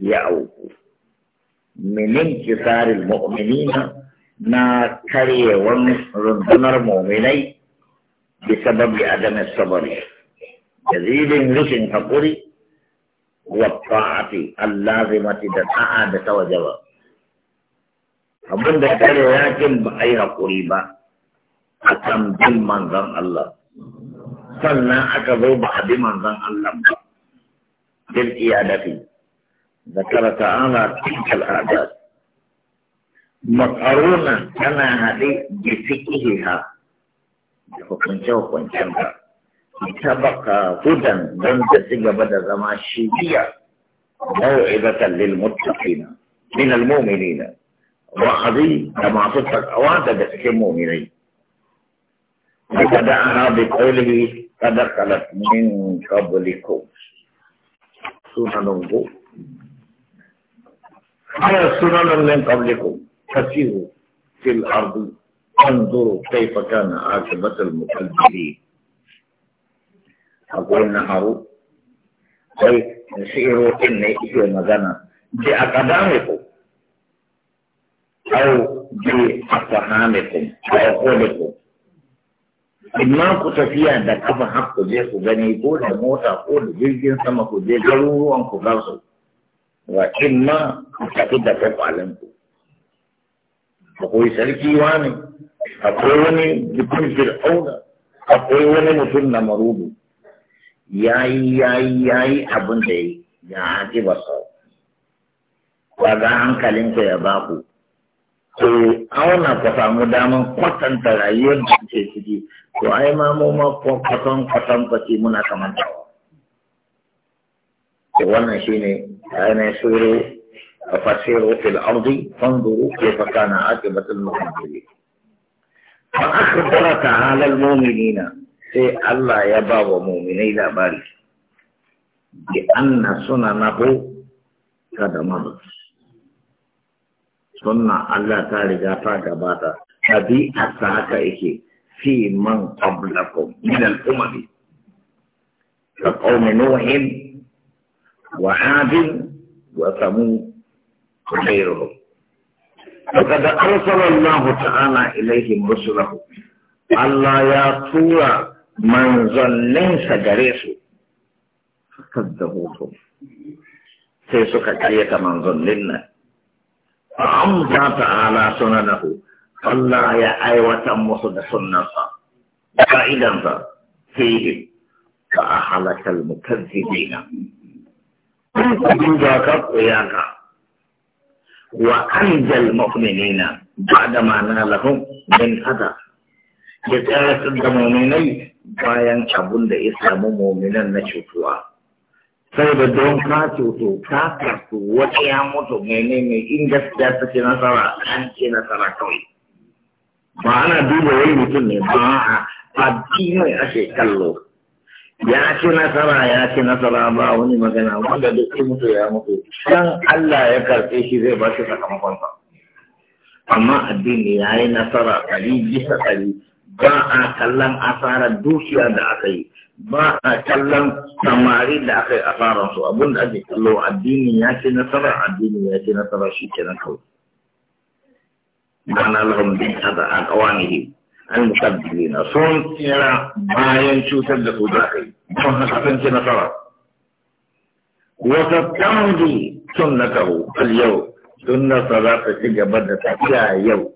يأوكو من انكسار المؤمنين نا كري ومسرون دنر مؤمني بسبب عدم الصبر جزيد لشن فقري والطاعة اللازمة دا تعادة وجواب abin da kare yakin ba a yi haƙuri ba a kan bin manzan Allah sannan aka zo ba a bi manzan Allah ba bil iyadati zakara ta'ala tilkal adat makaruna tana haɗe da fikihiha da hukunce-hukuncen ba ita baka hudan don ta ci gaba da zama shigiya mau'izatan lil muttaqina min al mu'minina wa'azi da masu takawa daga cikin muminai daga da ana bi kaulihi kada kalat min qablikum sunanun go ana sunanun min qablikum tasiru fil ardi انظروا كيف كان عاقبة المكذبين أقول نهارو أي سيروا إني إيو مغانا بأقدامكم أو بأفهامكم وعقولكم Imma ku tafiya da kafa hakku je ku gani ko da mota ko da jirgin sama ku je garuruwan ku za su wa imma ku tafi da kwakwalen ku. Akwai sarki wani, akwai wani jikin fir'auna, akwai wani mutum na marubu. Yayi yayi yayi abin da ya yi, ya ake Ba Ba ga hankalinka ya baku. ko auna ka samu daman kwatanta rayuwar da ke ciki to ai ma mu ma kwatan kwatan kwaci muna ta to wannan shine ainihin suru fasiru fil ardi fanzuru kayfa kana aqibatul mukadzibi fa akhbara ta'ala al mu'minina sai Allah ya ba wa mu'minai labari bi anna sunanahu kada sunna Allah ta riga ta gabata tabi'ar ta haka yake fi man qablakum min al-umami ka qaumi nuhin wa adin wa samud wa ghayruhum فقد أرسل الله تعالى إليهم رسله الله يا تورا من ظننس جريسو فكذبوهم سيسوك كريك من ظننا amza ta'ala sunanahu Allah ya aiwata musu da sunnansa ka'idansa fiye ka a ahalakal mukazzibina kun ga ka koya ka wa anjal mu'minina da ma nalahum min hada ya tsara da mu'minai bayan abun da ya samu mu'minan na cutuwa saboda don ka cuto ka karfi wani ya mutu menene in gaskiya ta ce nasara an ce nasara kawai ba ana duba wani mutum ne ba a mai ake kallo ya ce nasara ya ce nasara ba wani magana wanda duk in mutu ya mutu dan Allah ya karfe shi zai ba shi sakamakon sa amma addini ya yi nasara ɗari bisa ɗari ba a kallon asarar dukiya da aka yi ba a kallon samari da aka yi asarar su abin da ake kallo addini ya ce nasara addini ya ce nasara shi ke nan kawai mana lahum bin hada a kawanihi an na sun tsira bayan cutar da su da aka yi don haka sun ce nasara wata tambi sun na kawo yau sun nasara ta ci gaba da tafiya yau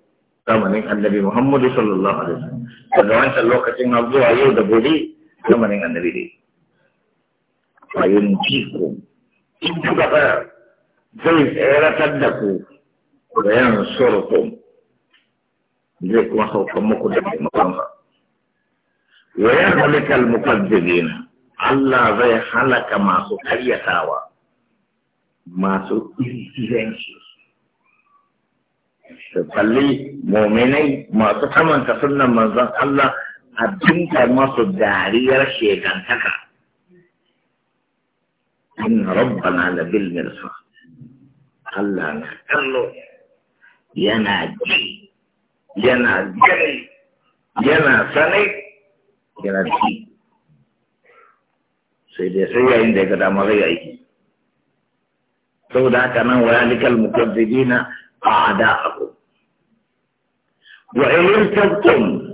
zamanin annabi muhammadu sallallahu alaihi wasallam daga wancan lokacin har zuwa yau da gobe sama dengan Nabi fayun jiko in kuka tsaya zai tseratar da ku da yan surkum zai kuma saukan muku da taimakonsa wa ya Allah zai halaka masu karyatawa masu irkiranci su kalli muminai, masu kamanta sunan manzan Allah അത്യന്ത ശുദ്ധ അരിയറക്കിയ إن ربنا لبل مرصاد الله نحن يا نادي يا نادي يا نا سني يا نادي سيدي سيدي عندك دا مغي عيدي سوداك انا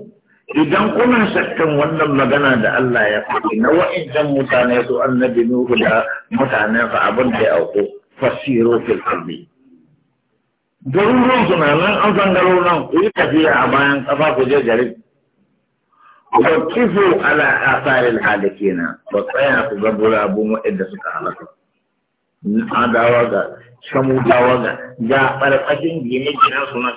idan kuna shakkan wannan magana da Allah ya faɗi na wa'incan mutane su annabi Nuhu da mutanensa abin da ya auku fasiro fil qalbi garuruwan suna nan an zangaro nan ku yi tafiya a bayan kafa ku je garin Ku kifu ala asarin halikina ba tsaya ku ga burabun waɗanda suka halaka adawa ga shamudawa ga ga ɓarɓashin gine-ginen su nan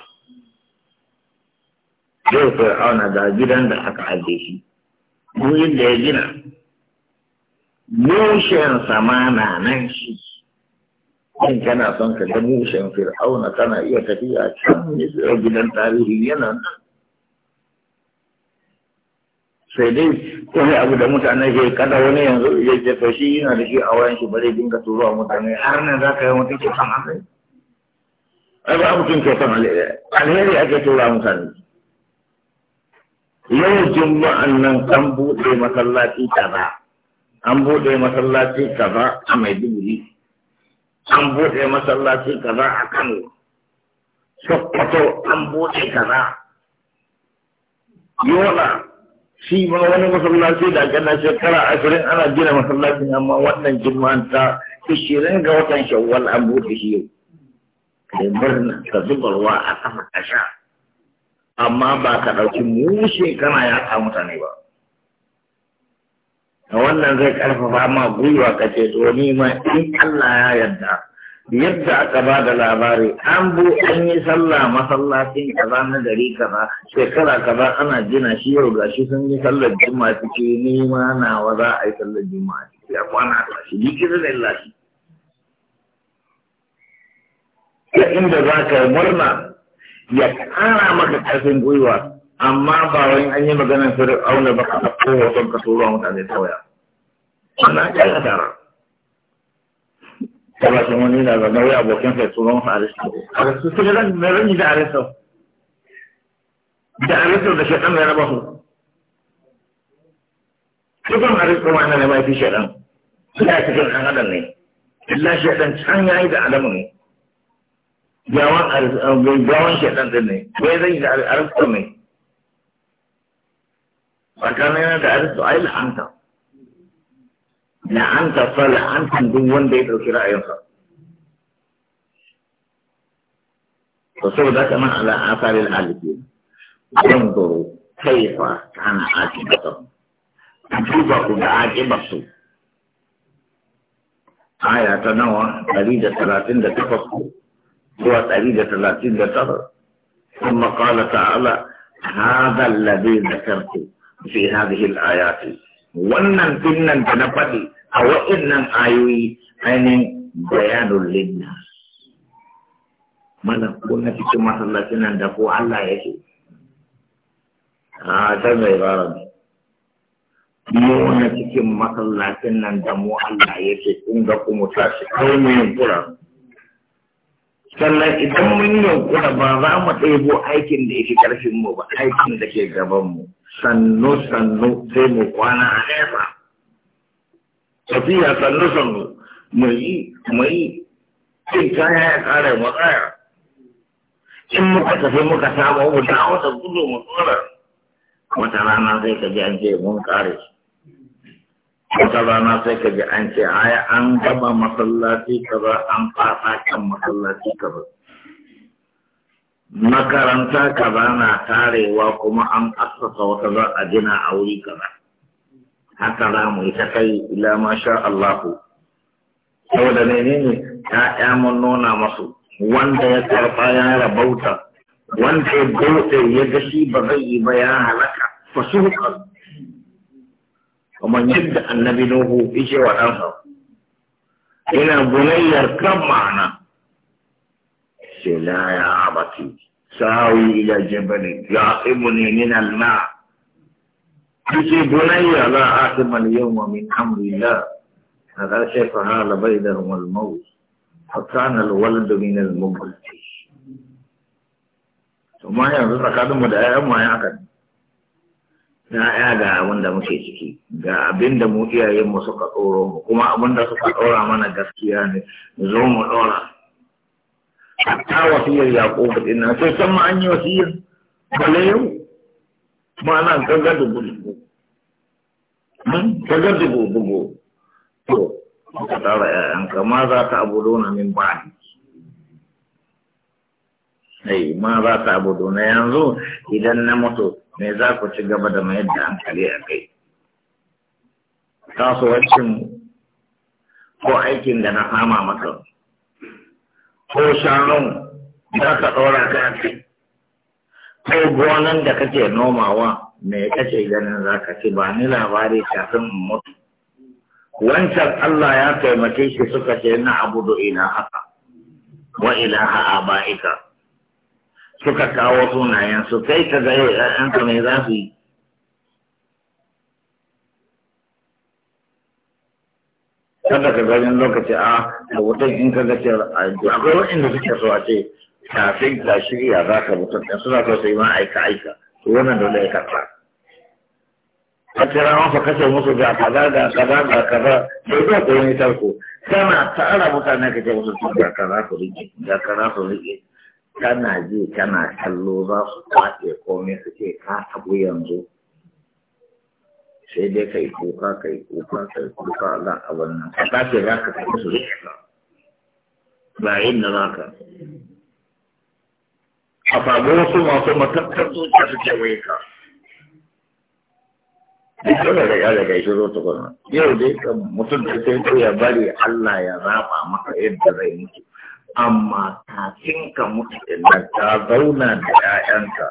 yau fir'auna ga gidan da aka aje shi gurin da ya gina mushen sama na nan shi in kana son ka ga mushen fir'auna tana iya tafiya can nisa gidan tarihi yana nan sai dai wani abu da mutane ke kada wani yanzu ya je to shi yana da shi a wayan shi bare dinga turo wa mutane har nan za ka yi wata ke san an sai ai ba mutum ke san alheri ake tura mutane yau juma'an nan an buɗe masallaci kaza an buɗe masallaci kaza a maiduguri an buɗe masallaci kaza a kano sokoto an buɗe kaza yola shi ma wani masallaci da gana shekara ashirin ana gina masallacin amma wannan juma'an ta ishirin ga watan shawwal an buɗe shi yau kai murna ta zubarwa a sama ka amma ba ka ɗauki mushe kana yaɗa mutane ba a wannan zai ƙarfafa ma gwiwa ka ce to ni ma in Allah ya yarda yadda aka ba da labari an bu an yi sallah masallacin kaza na gari kaza shekara kaza ana gina shi yau ga shi sun yi sallar juma'a cike ni nawa za a yi sallar juma'a cike ya kwana a shi kira da illa shi ta inda za ka yi murna ya kara maka karfin gwiwa amma ba wani an yi maganar da auna ba ka ko hoton ka tura mutane tawaya. waya wannan ya ga tara ta ba shi wani na ga nauyi abokin sai tura masa aristo aristo sai ran me rani da aristo da aristo da shekan ya raba su cikin aristo ma ne mai fi shekan ya cikin ɗan adam ne illa shekan can yayi da adamu ne gawan gawan shaɗan ɗin ne bai zai da arzikin ne? tsakanin yana da arzikin ai la'anta la'anta fa la'antan duk wanda ya ɗauki ra'ayinsa to saboda haka nan ala asarin alifi zan zoro kaifa kana akibatar a duba ku da akibarsu aya ta nawa ɗari da talatin da takwas zuwa ɗari da talatin da tara ثم قال تعالى هذا الذي ذكرت في هذه الآيات wannan dinnan da na faɗi a wa'innan ayoyi ainihin bayanun linna mana ko na cikin masallaci nan da ko Allah ya ce a ta mai bara ne mu na cikin masallacin nan da mu Allah ya ce kun ga tashi kura sannan idan mun yankura ba za mu ɗebo aikin da yake ƙarfin mu ba aikin da ke gaban mu sannu sannu sai mu kwana a nesa tafiya sannu sannu mu yi mu yi cin kaya ya ƙara mu tsaya in muka tafi muka samu mu dawo da gudu mu tsora wata rana sai ka ji an ce mun ƙare shi wata rana sai ka ji an ce ai an gama masallaci kaza an fata kan masallaci kaza makaranta kaza na tarewa kuma an assasa wata za a gina a wuri kaza haka za mu yi ta kai ila masha Allahu saboda ne ne ta'ya mun nuna masu wanda ya karɓa ya rabauta wanda ya gautse ya gashi ba zai yi ba ya halaka fasuhukar kamar yadda annabi Nuhu yake wa ɗansa. Ina bunayyar kan ma'ana. Sai la ya abati, sawi ila jabali, ya ibuni min al-ma. Yake bunayya la asimal yawma min amrillah. هذا شيء فهذا بينهم الموت فكان الولد من المبلغ ثم ينظر كانوا مدعي ما يعقل ya'ya ga abin da muke ciki ga abin da mu mu suka tsoro mu kuma abin da suka ɗora mana gaskiya ne zo mu ɗora hatta wasiyar yaƙubu ɗin nan sai san ma an yi wasiyar bale yau ma nan kaga dubu dubu kaga dubu dubu to ka tara ƴaƴanka ma za ta abu min ni. Eh, ma za ta abu na yanzu idan na mutu me za ku ci gaba da mayar da hankali a kai kasuwancin ko aikin da na kama maka ko shanun za ka ɗora ka kai gonan da kake nomawa me kace ganin za ka ci ba ni labari kafin in mutu wancan Allah ya taimake shi suka ce na abudu ina haka wa ilaha aba'ika suka kawo sunayen su kai ka ga yau mai za su yi kada ka ganin lokaci a da wutan in ka gace akwai waɗanda suke so a ce kafin ka shirya za ka mutum ɗan suna so sai ma aika aika to wannan dole ya karɓa A kira wasu kashe musu ga kaza ga kaza ga kaza sai zuwa koyon tarko kana tara mutane ka ce musu ga kaza ku rike ga kaza ku rike kana ji kana kallo za su kwace komai su ce ka abu yanzu sai dai kai kuka kai kuka kai kuka za a wannan ka tashi za ka tafi su rika ba inda za ka a fago wasu masu matattar zuciya su ce wai ka Dole da daga daga shi zo tukuna. Yau dai ka mutum da sai ya bari Allah ya raba maka yadda zai mutu. amma kafin ka mutu idan ta zauna da 'ya'yanka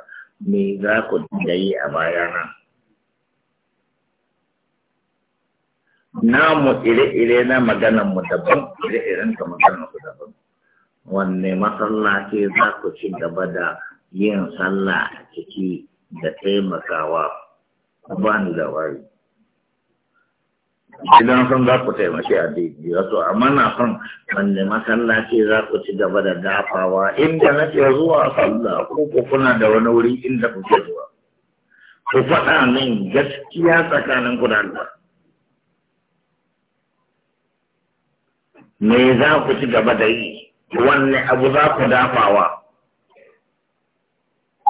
me za ku da yi a bayana namu ire-ire na maganan mu daban ire-iren ka maganarmu daban wanne masallaci za ku ci gaba da yin sallah a ciki da taimakawa ba ni da wari idan sun za ku taimaki addini za amma na son wanda masallaci za ku ci gaba da dafawa inda na ke zuwa sallah ko ko kuna da wani wuri inda kuke zuwa ku faɗa min gaskiya tsakanin ku da Allah me za ku ci gaba da yi wanne abu za ku dafawa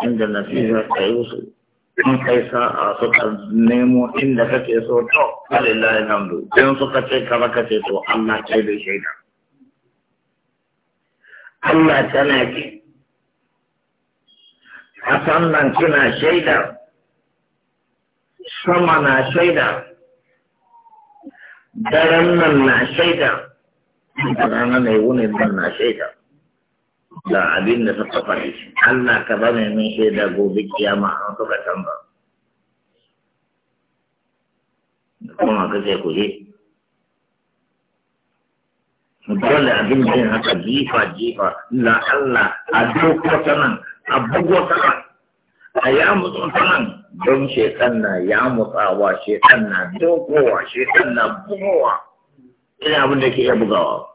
inda nasiha ta yi wasu. in kai sa'a suka nemo inda kake so to alillahi alhamdu in suka ce kaza kace to Allah ce da shaida Allah tana ji Hassan nan kina shaida sama na shaida daren nan na shaida nan ne wunin nan na shaida da abin da suka shi Allah ka ba mai min shaida gobe kiyama an suka canza kuma ka ce ku je dole abin da yin haka jifa jifa la Allah a doko ta nan a bugo ta nan a ya mutu ta nan don shekan na ya mutsawa shekan na dokowa shekan na bugowa ina abin da ke iya bugawa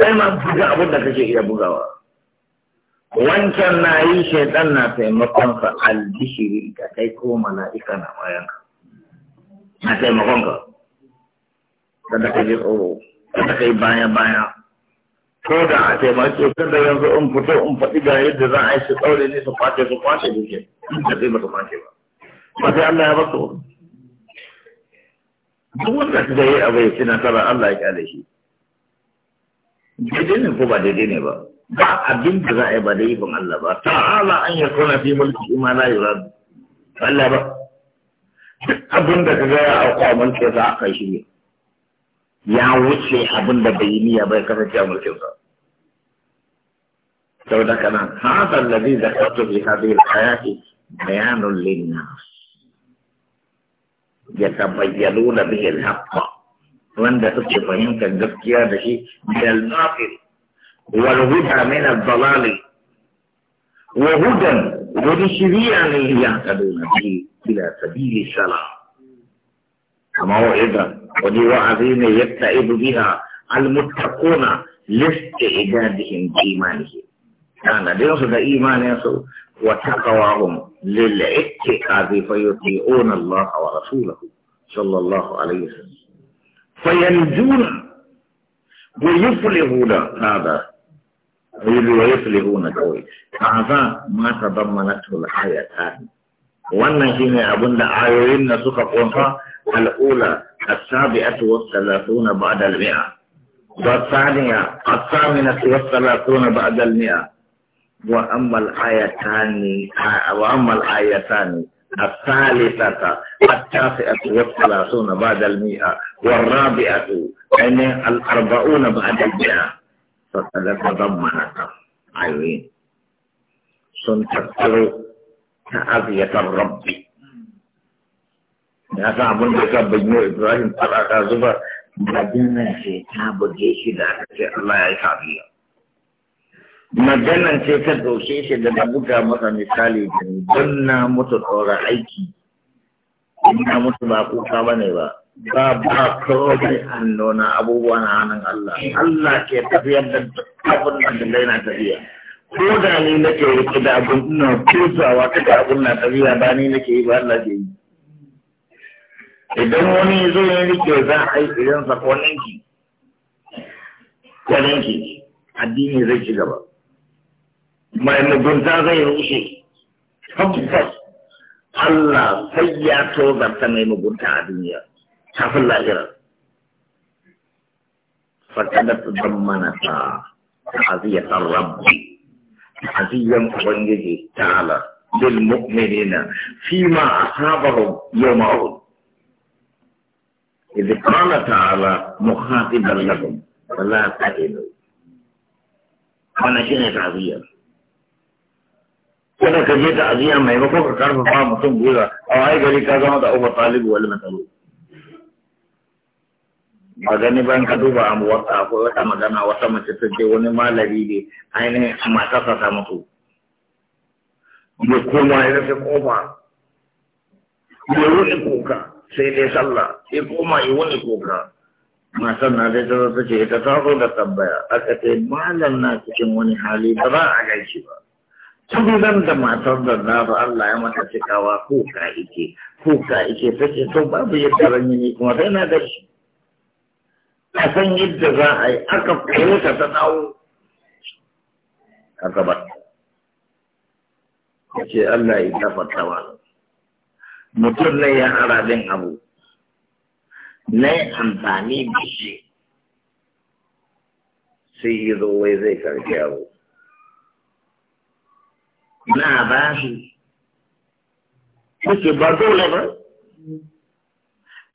kai ma buga abin da kake iya bugawa wancan na yi shaidan na taimakonka albishiri ka kai ko mala'ika na bayanka na taimakonka kada ka je tsoro kada ka yi baya baya ko da a taimake da yanzu in fito in faɗi ga yadda za a yi su ɗaure ne su kwace su kwace duke in ka zai ba su kwace ba ba sai Allah ya ba su duk wanda su da yi abu ya ci Allah ya kyale shi daidai ne ko ba daidai ne ba ba abin da za a yi ba da ikon Allah ba ta'ala an ya kona fi mulki ma la yurad Allah ba duk abin da kaga ya auka mulki za a kai shi ne ya wuce abin da bai niyya bai kasance a mulkin sa saboda kana hadha alladhi zakartu fi hadhihi al-ayati bayanun lin-nas yatabayyanuna bihi al-haqq wanda suke fahimtar gaskiya da shi dal-nafis والهدى من الضلال وهدى ولشريعة يهتدون به إلى سبيل السلام موعظة ودي وعظيم بها المتقون لاستعدادهم بإيمانهم كان ليصد إيمان يسوع وتقواهم للاتقاذ فيطيعون الله ورسوله صلى الله عليه وسلم فينجون ويفلحون هذا يلو يفلغون قوي فعفا ما تضمنته الآية الآن وانا هنا أبونا آيوين نسوك قوانفا الأولى السابعة والثلاثون بعد المئة والثانية الثامنة والثلاثون بعد المئة وأما الآية الثانية وأما الآية الثانية الثالثة التاسعة والثلاثون بعد المئة والرابعة يعني الأربعون بعد المئة فقد تضمنت عيوين سنتكر تعافية الرب يا صاحب الكتاب بن إبراهيم ترى زبر magana ce ta buge shi da ce Allah ya yi ce ta da buga masa misali da don na mutu aiki, in na mutu ba kuka ba ne ba. ba ba kawai an nuna abubuwa na hannun Allah Allah ke tafiyar da abin da dai na tafiya ko da ni nake yi da abin na kusawa ta da abin na tafiya ba ni nake yi ba Allah ke yi idan wani zo ne rike za a yi idan sa kwaninki kwaninki addini zai ci gaba mai mugunta zai rushe tabbas Allah sai ya tozarta mai mugunta a duniya. حفل لاغرا فتنت الرب عزية بنجي تعالى للمؤمنين فيما أصابهم يوم أول إذ قال تعالى مخاطبا لكم فلا تئنوا ونشينا تعزية kana kaje ta aziya mai mako ka karfafa mutum gura a waye gari ka zama da uba talibu wal matalu ba gani ban ka duba a wata akwai wata magana wata mace ta je wani malari ne ainihin a matarsa ta mutu bai koma ya rasa koma ya wuni kuka sai dai sallah ya koma ya wuni kuka Masan na dai ta zata ce ta taso da tambaya aka ce malam na cikin wani hali ba za a gaishe ba Tunan da matar da na Allah ya mata cikawa kuka ike, kuka ike ta ce to babu yadda ranyi ne kuma sai na gaishe. a san yadda za a yi aka kore ta ta dawo aka ba ya ce Allah ya gafarta wa mutum ne ya hara din abu na yi amfani da shi sai yi zo wai zai karfi abu na ba shi kuke ba dole ba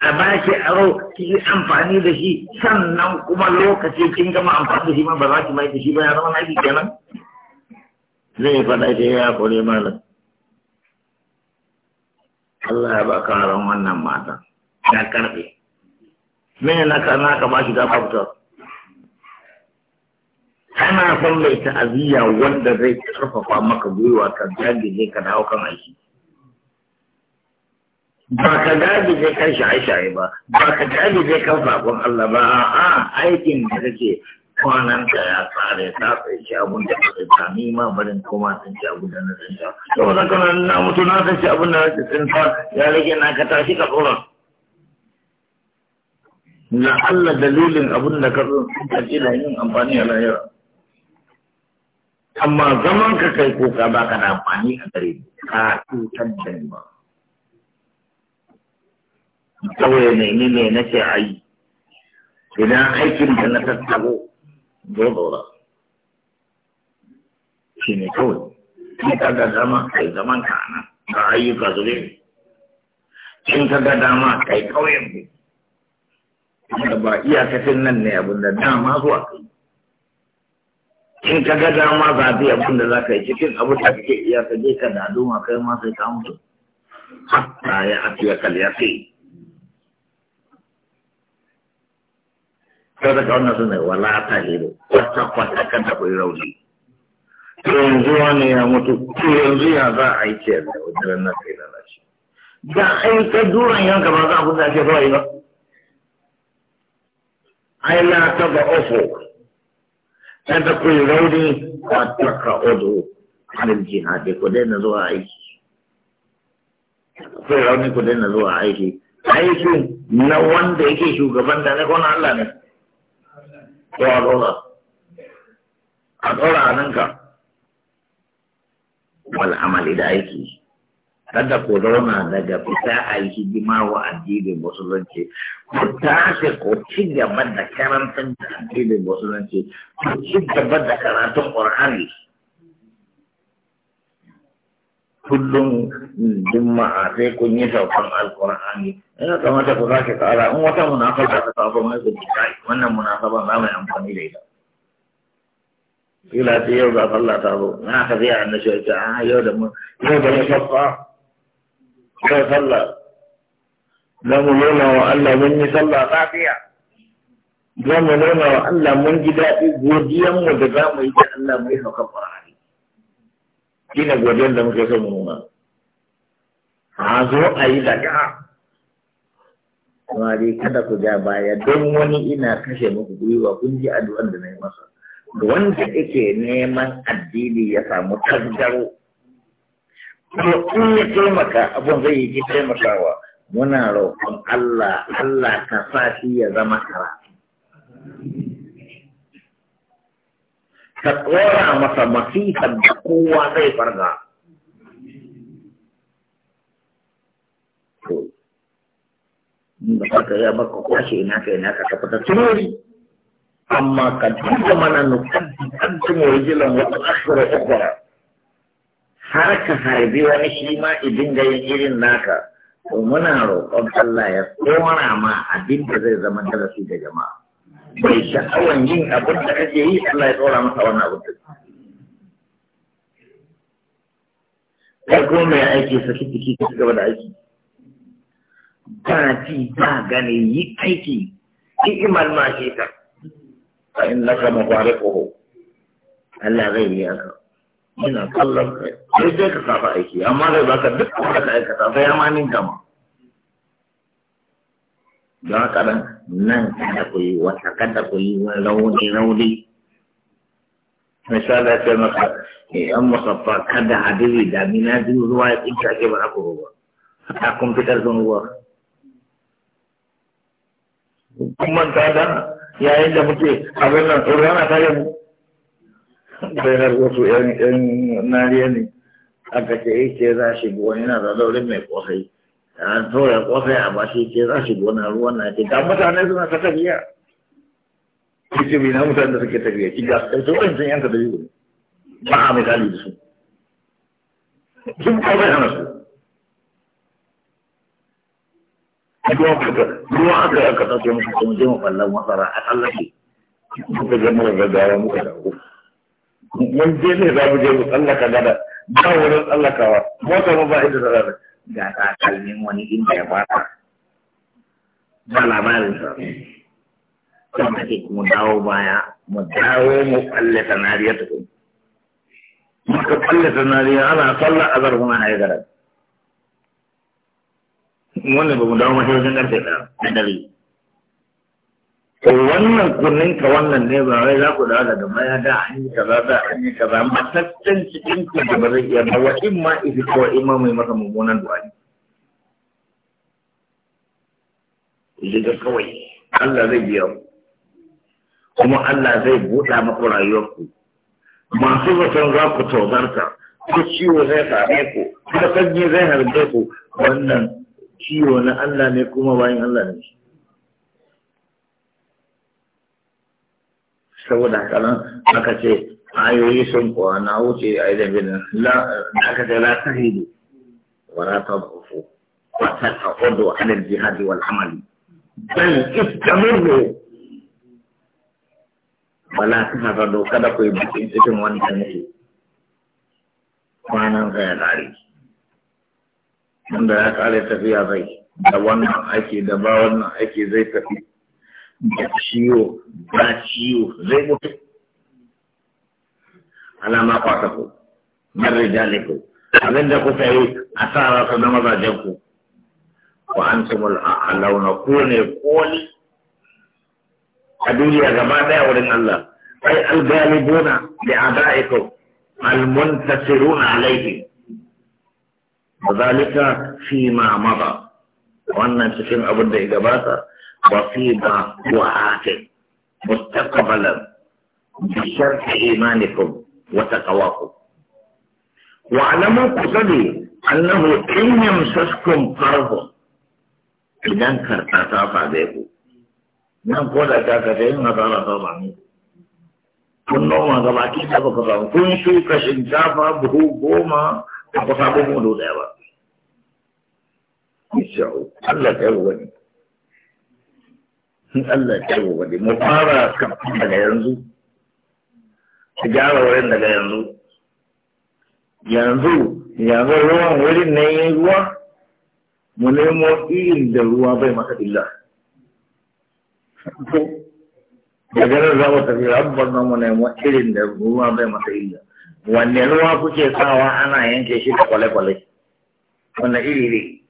a ba shi aro ki yi amfani da shi sannan kuma lokaci kin gama amfani da shi ma ba za ki mai da shi ba ya zama na naki kenan zai faɗa shi ya kore malam Allah ya ba karon wannan mata ya karɓe me na ka na ka ba shi da babu ana son mai ta'aziyya wanda zai karfafa maka gwiwa ka jage ka dawo kan aiki ba ka dage zai kan shaye-shaye ba ba ka dage zai kan fakon Allah ba a aikin da kake kwanan ka ya tsare ta sai shi abun da kake ta ni ma barin koma sun shi abun da na san ta to wannan kana na mutu na san shi abun da na san ta ya rage na ka tashi ka tsoron na Allah dalilin abun da ka tsoron ka ji da yin amfani a lahira amma zaman ka kai ba ka da amfani a gare ka tutar da ni ba kawai nemi me nake a yi idan aikin da na tattabo zai dora shi ne kawai in ka ga dama kai zaman ka nan ka ayyuka zure ne in ka ga dama kai kawai ku wanda ba iyakacin nan ne abin da dama zuwa kai in ka ga dama za a yi abin da za ka yi cikin abin da kake iyakace ka da duma kai ma sai ka mutu hatta ya afiya kal yaqin sai daga wannan suna wala ta hero kwata kwata kan da kuyi rauni to yanzu wani ya mutu to yanzu ya za a yi ciyar da wajen na kai lalace da ai ka duran yanka ba za a kusa ce kawai ba ai la ta ba ofo kan ta kuyi rauni kwata ka odo halin jihadi ku daina zuwa aiki kuyi rauni ku daina zuwa aiki aikin na wanda yake shugaban da na kona Allah ne ko a zauna a ɗora a nanka ka wal amali da aiki kada ku zauna daga fita a yi hidima wa addinin musulunci ku tashi ko ci gaba da karantar da addinin musulunci ku ci gaba da karatun ƙur'ani kullum juma'a sai kun yi saukan alkur'ani ina kamata ku sake tsara in wata munafaba ta kawo mai ku kai wannan munafaba za mu yi amfani da ita kila sai yau ga Allah ta zo na ka zai an nashi ta a ah, yau da mu yau da mu safa yau sallah da mu nuna wa Allah mun yi sallah safiya za mu nuna wa Allah mun ji daɗi mu da za mu yi da Allah mu yi saukan ƙwararra shi ne godiyar da muke son nuna a zo a yi daga kuma dai kada ku ja baya don wani ina kashe muku gwiwa kun ji addu'an da na yi masa wanda yake neman addini ya samu tasgaro ko in ya taimaka abun zai yi ki taimakawa muna roƙon Allah Allah ka sa shi ya zama kara ka tsora masa masifar da kowa zai farga to da farka ya baka kwashe ina ka ina ka tafata tunori, amma ka duba mana nufin kantin wajilan wata ashirar ukwara har ka harbi wani shi ma idin ga yin irin naka to muna roƙon Allah ya tsora ma abin da zai zama darasi da jama'a bai sha'awan yin abin da kake yi Allah ya tsora masa wannan abin da kai kuma mai aiki saki ciki ka gaba da aiki ba ji ba gane yi aiki ki iman ma shi ka fa in laka mafariquhu Allah zai yi aka ina kallon kai sai dai ka kafa aiki amma zai baka duk abin da ka aikata sai ya ma ninka ma don haka nan kada ku yi wata kada ku yi rauni rauni misali ce maka eh, an musaffa kada hadiri damina biyu ruwa ya tsinci ake ba ku ruwa a kun fitar sun ruwa kuma ta da yayin da muke abin nan tsoro yana tare mu bayanar wasu yan nariya ne aka ce ce eh, za shi buwa yana da daurin mai kosai an tura kofai a bashi ce za shi gona ruwan na ce ga mutane suna ta tafiya kici bi na mutane da suke tafiya ki ga sai sun san yanka da yiwu ba a misali da su sun kofai hana su ruwan kuka ruwan aka yi aka tafiya musu sun je mafallan masara a tsallake kuka da mara gaggawa muka dawo mun je ne za mu je mu tsallaka gada ba wurin tsallakawa mota ma ba inda tsallaka ga takalmin wani inda ya fata ba ba kan ake mu dawo baya mu dawo mu kalle sanariya ta kuma muka kalle sanariya ana sallar azar kuma a yi wannan ba mu dawo wajen karfe ɗaya na dare to wannan kunnin ka wannan ne ba wai za ku dawo daga maya da an yi kaza da an yi kaza matattan cikin ku da ba zai iya ba wa in ma ifi ko in ma mai maka mummunan du'a ne liga kawai Allah zai biya kuma Allah zai buɗa maku rayuwar ku masu zaton za ku tozarta ko ciwo zai same ku ko sanyi zai harbe ku wannan ciwo na Allah ne kuma bayan Allah ne shi saboda kalan aka ce ayoyi sun kuwa na wuce a idan binin da aka ce la ta hidu wa la ta zufu wa ta ta'udu alal jihadi wal amali ne ba wala ta hada kada ku yi bakin cikin wannan ne kwanan ka tare wanda ya kare tafiya zai da wannan aiki da ba wannan aiki zai tafi da ciwo ba ciwo zai mutu alama kwata ku min rijalikum abin da kuka yi a sa rasa na mazajen ku wa antumul a'launa ku ne koli a duniya gaba daya wurin Allah ai al-galibuna li a'da'ikum al-muntasiruna alaihim fi ma mada wannan cikin abin da ya gabata وفيما وآتي مستقبلا بشرط إيمانكم وتقواكم واعلموا قصدي أنه إن يمسسكم فرض إذا كرتاتا فعليكم nan ko da ta ka yin hasara ta kun noma ga baki ta baka samu kun shuka shinkafa buhu goma ba ku samu mudu daya ba. Allah ta yi wani. Allah ya kai wa mu fara kafin daga yanzu ka gyara wurin daga yanzu yanzu yanzu ruwan wurin na yin ruwa mu nemo irin da ruwa bai maka illa daga nan za mu tafi rabban nan mu nemo irin da ruwa bai maka illa wanne ruwa kuke sawa ana yanke shi da kwale-kwale wanne iri ne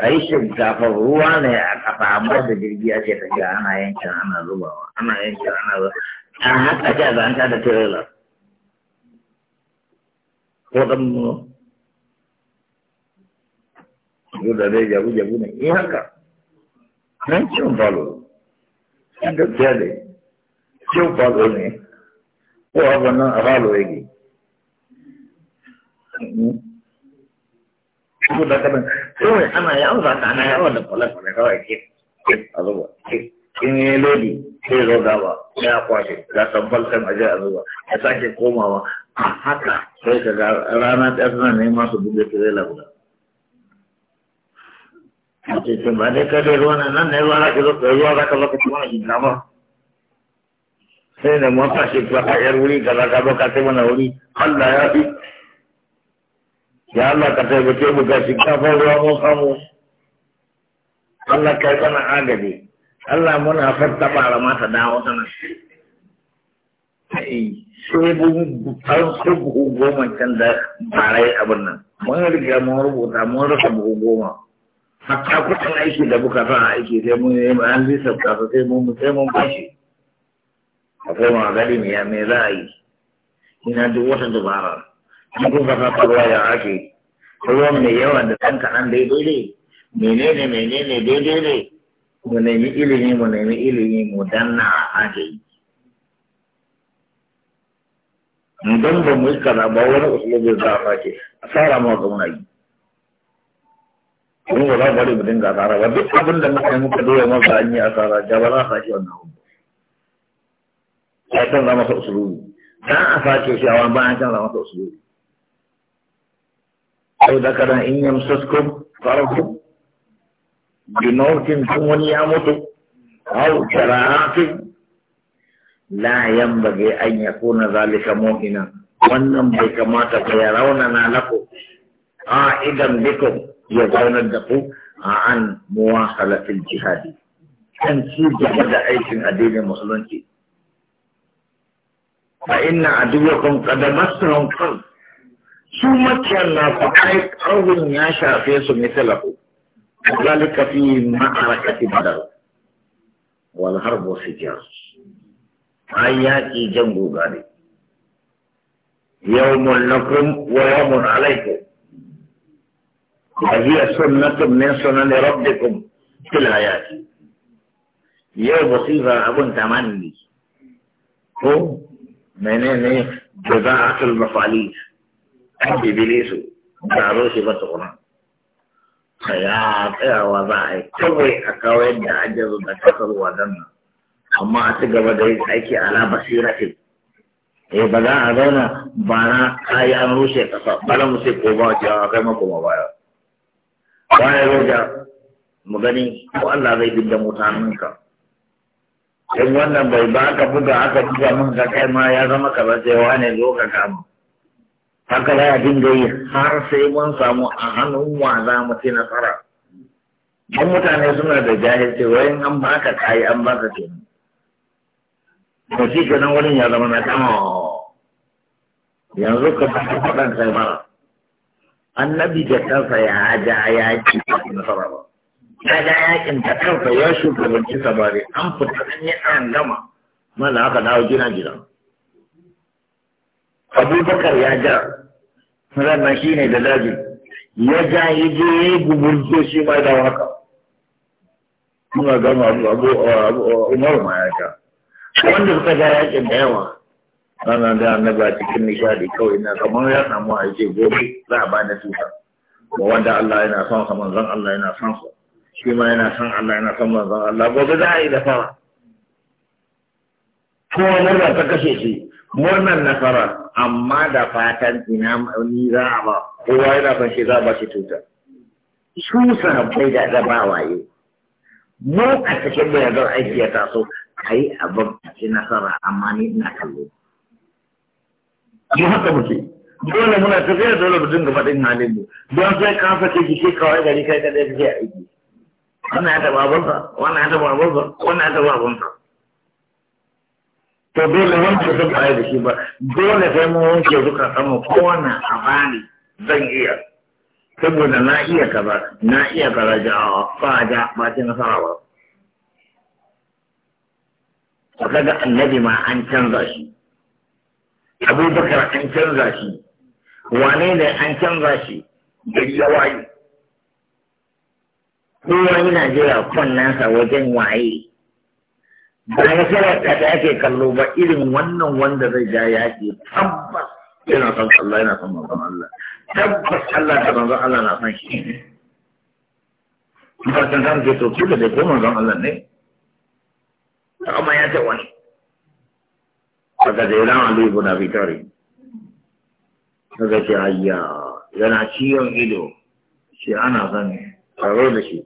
a yi shinkafa ruwa ne a kafa amma da jirgi ya ce tafiya ana yankin ana zubawa ana yankin ana zubawa a haka ce a ta da tirela ko ɗan nuno su da dai jabu jabu ne in eh haka nan cin falo in gaskiya ne cin falo ne ko abin nan a falo yake. Kuma hmm. da kanan kawai ana yawon za ta ana yawon da kwale-kwale kawai ke a zuba in yi lodi sai zo gaba ya kwashe ga tambal kan aje a zuba ya sake komawa a haka sai ka ga rana ta suna neman su buɗe tirela guda a cikin ba dai kai ruwan nan ne ruwa za ka zo ka ruwa za ka zo ka ci mana gina ba sai da mota shi a yar wuri ka za ka zo ka ci mana wuri Allah ya fi ya Allah ka taimake mu ga shinkafar ruwa mun samu Allah kai kana agaji Allah muna farta bara mata da sana ai sai mun an so buhu goma can da barai abin nan mun riga mun rubuta mun rasa buhu goma hatta kudin aiki da buka fa aiki sai mun yi an lissafta sai mun sai mun bashi akwai magani ne ya me za a yi ina duk wata dabara mutum ba ka ruwa ya ake ruwan mai yawa da ɗan kaɗan daidai ne menene menene daidai ne mu nemi ilimi mu nemi ilimi mu danna a ake don ba mu yi kaza ba wani usulubin za a sake a tsara ma zauna yi kuma ba za mu bari mu dinga tsara, ba duk abin da muka yi muka doya masa an yi a ja ba za a sake wannan abu ya canza masa usulubi dan a sake shi a wani bayan canza masa usulubi sau da karan in yamsaskum farhu junautin tun wani ya mutu au karahatin la yambage an yakuna zalika mu'mina wannan bai kamata ba ya raunana lako a idan bikum ya zaunar da ku a an muwasalatil jihadi kan ci gaba da aikin addinin musulunci fa inna aduwakum qad massahum qalb su makiyar na ai ƙarfin ya shafe su misalahu ذلك في معركة بدر والحرب سجار آياتي جنب غالي يوم لكم ويوم عليكم وهي سنة من سنن ربكم في الآيات يوم بصيرة أبن تمني هو منين جزاعة المصاليف an bibile su ba zo shi ba tukuna ya tsayawa za a yi kawai a kawai da ajiyar da kasarwa don nan amma a ci gaba da yin aiki ala ke. eh ba za a zauna ba na kaya an rushe kasa bala mu sai ko ba a kai mako ma baya baya roja mu gani ko Allah zai mutanen ka. in wannan bai ba aka buga aka buga mun ka kai ma ya zama ka ba sai wane zo ka kama haka za a dinga yi har sai mun samu a hannun wa za mu ci nasara don mutane suna da jahilci wai an baka kayi an baka ce. to shi nan wani ya zama na kama oh. yanzu ka baka faɗan kai mara annabi da kansa ya ja yaƙi ba nasara ba ya ja yaƙin da kansa ya shugabanci sabari an fita an yi an gama mana haka dawo gina gina abubakar ya ja sannan shi ne da daji ya ja ya je ya yi gumurzo shi ma da haka muna gama abu umar ma ya ja wanda suka ja yakin da yawa ana da annaba cikin nishadi kawai na kamar ya samu a ce gobe za a bada tuta ba wanda Allah yana son sa manzon Allah yana son sa shi ma yana son Allah yana son manzon Allah gobe za a yi da fara ko murna ta kashe shi murnan nasara amma da fatan ina ni za a ba kowa yana son shi za a ba shi tuta su sahabbai da da ba waye mu a cikin da yanzu aiki ya taso kai abin a ci nasara amma ni ina kallo mu haka muke dole muna tafiya dole mu dinga faɗin halin mu don sai ka fake jiki kawai gari kai kadai kake aiki wannan ya taɓa abunsa wannan ya taɓa abunsa wannan ya taɓa abunsa to dole wanke zan ba da shi ba dole sai mu wanke zuka sama ko a bani zan iya saboda na iya kaza na iya kaza ja'awa fa ja ba ce nasara ba to kaga annabi ma an canza shi abubakar an canza shi wane ne an canza shi gari ya waye kowa yana jira nasa wajen waye ba nasarar da ta ake kallo ba irin wannan wanda zai ja yaƙi tabbas yana son Allah yana son manzon Allah tabbas Allah da manzon Allah na son shi ba san san ke to da da ko manzon Allah ne amma ya ta wani daga da yana Ali ibn Abi Talib daga ce ayya yana ciyon ido shi ana son karo da shi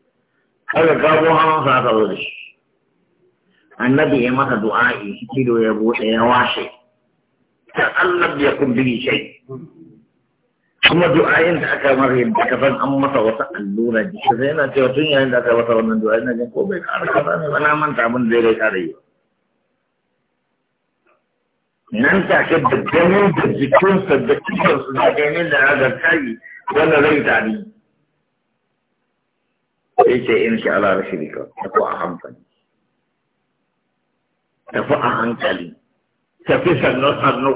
kaga gabo hawan sa karo da shi annabi ya masa du'a'i ido ya bude ya washe kan Allah ya kun bi shai kuma du'a'in da aka mara yadda ka san an masa wata allura ji sai yana cewa tun yayin da aka masa wannan du'a'in na jin ko bai ƙara kaza ne ba na manta abin da zai ƙara yi nan ke da ganin da jikinsa da kifarsa da ganin da aka kai wanda zai tari sai ce in sha Allah rashidika ko a hankali tafi a hankali tafi sannu-sannu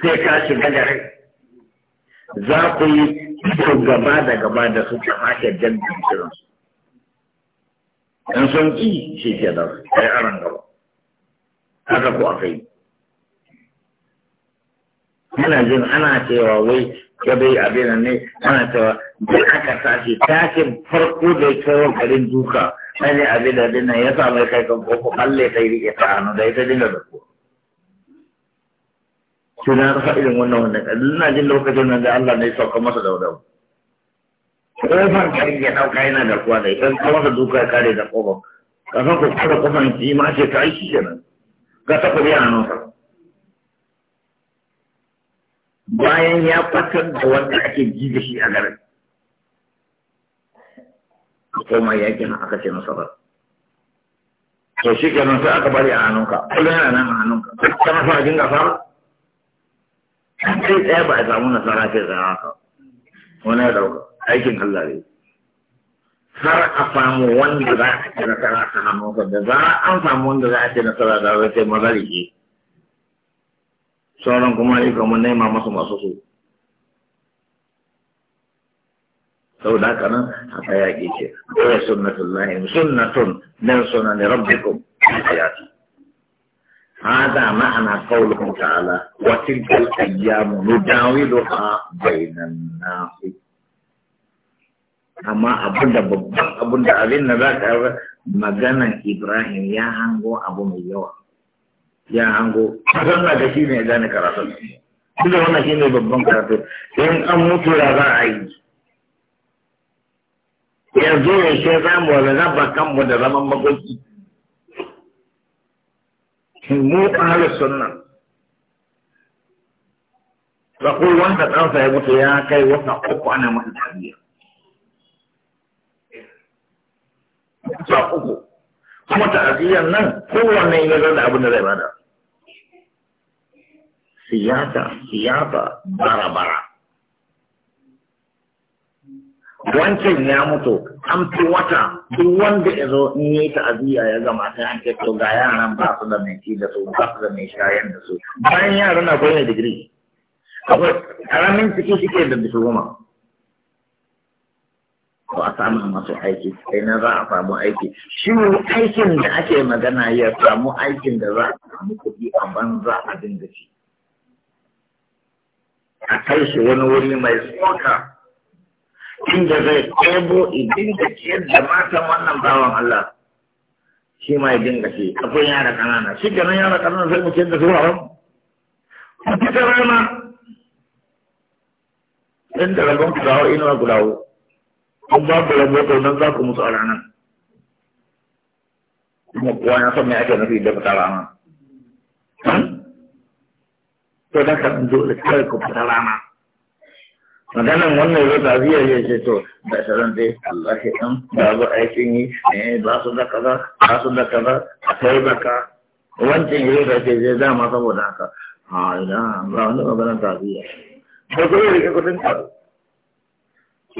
sai ka shiga da rai za ku yi cikin gaba da gaba da su ta hake jan jinkirinsu in sun ƙi shi ke da sai aran gaba haka ku aka yi Ana jin ana cewa wai ya bai abinan ne ana cewa duk aka sashi tashin farko da ya kawo garin duka sai ne abin da dinnan ya sa mai kai kan koko kalle ta yi rike ta hannu da ita dinga da zakuwa shi na rasa irin wannan wannan kadin ina jin lokacin nan da Allah ne sauka masa daudau kofar garin ya dauka yana da kuwa da ita ta masa duka ya kare da kofar kafin ku kare kofar ki ma ce ta aiki kenan ga ta kuri a hannunsa bayan ya fatar da wanda ake ji da shi a garin koma yakin aka ce masa ba to shi nan sai aka bari a hannunka kullum yana nan a hannunka kana fara jin gasa Sai tsaye ba a samu nasara ce zai haka wani ya dauka aikin Allah ne har a samu wanda za a ce nasara ta hannunka da za an samu wanda za a ce nasara da zai sai maza sauran kuma ikon mun nema masu masu su Sau da haka nan haka ke ce kawai sunnatun lahi sunnatun nan sunan rabbikum hayati هذا معنى قوله تعالى وتلك الأيام نداولها بين الناس أما أبدا abin da أبين yi maganan Ibrahim ya hango abu mai yawa ya hango sannan da shi ne ya gane karatun duk da wannan shi ne babban karatu in an mutu da za a yi yanzu ce za mu raba kanmu da zaman makoki mu ahalu sunna akwai wanda ɗansa ya mutu ya kai wata uku ana masa tarbiyya wata uku kuma tarbiyyar nan kowanne ya da abin da zai bada siyasa siyasa bara bara wancan ya mutu an fi wata duk wanda ya zo in yi ta'aziyya ya gama sai an ce to ga yaran ba su da mai ci da su ba su da mai shayar da su bayan yaran na koyar digiri akwai karamin ciki suke da goma ko a samu masu aiki sai na za a samu aiki shi aikin da ake magana ya samu aikin da za a samu kuɗi a banza a dinga ci a kai shi wani wuri mai tsoka inda zai ɗebo idin da ciyar da matan wannan bawan Allah shi ma idin da shi akwai yara ƙanana shi ganin yara ƙanana zai mu ciyar da su haram wata rana inda rabon ku dawo inuwa ku dawo an ba ku rabo ko nan za ku musu a ranan. kuma kowa ya san me ake nufi da fita rana hmm? to da kan dole kar ku fita rana maganan wannan zai ta biya ya ce to da sauran dai Allah ya dan da ba aikin yi eh ba su da kaza ba su da kaza a kai ka wancan yi da ke zai dama saboda haka a ina ba wani maganan ta biya ko ko yi kudin ka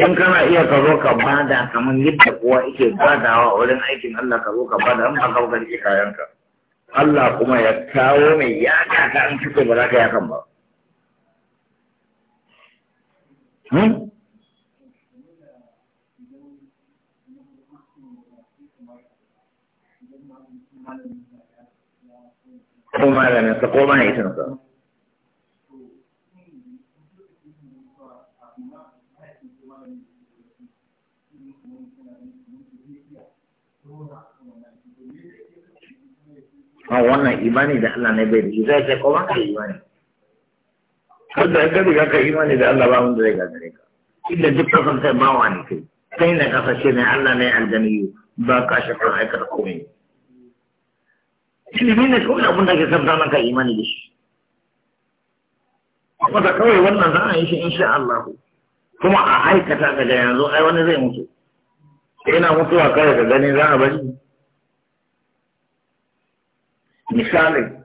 in kana iya ka zo ka bada kamar yadda kowa yake badawa wurin aikin Allah ka zo ka bada an ba ka kayan ka Allah kuma ya kawo mai ya ta an fito ba za ka yakan ba ko malamin sa ko ma'aikin sa a ah, wannan imani da Allah na bai da shi zai ce ko imani da ya gabi ka kai imani da Allah ba mun da zai gagare ka inda duk kasan sai ba wani kai kai na kasashe ne Allah ne aljaniyu ba ka shakar aikata komai ilimi ne kawai abin da ke sabta maka imani da shi wata kawai wannan za a yi shi insha Allah kuma a aikata daga yanzu ai wani zai mutu yana mutuwa kawai ka gani za a bari misali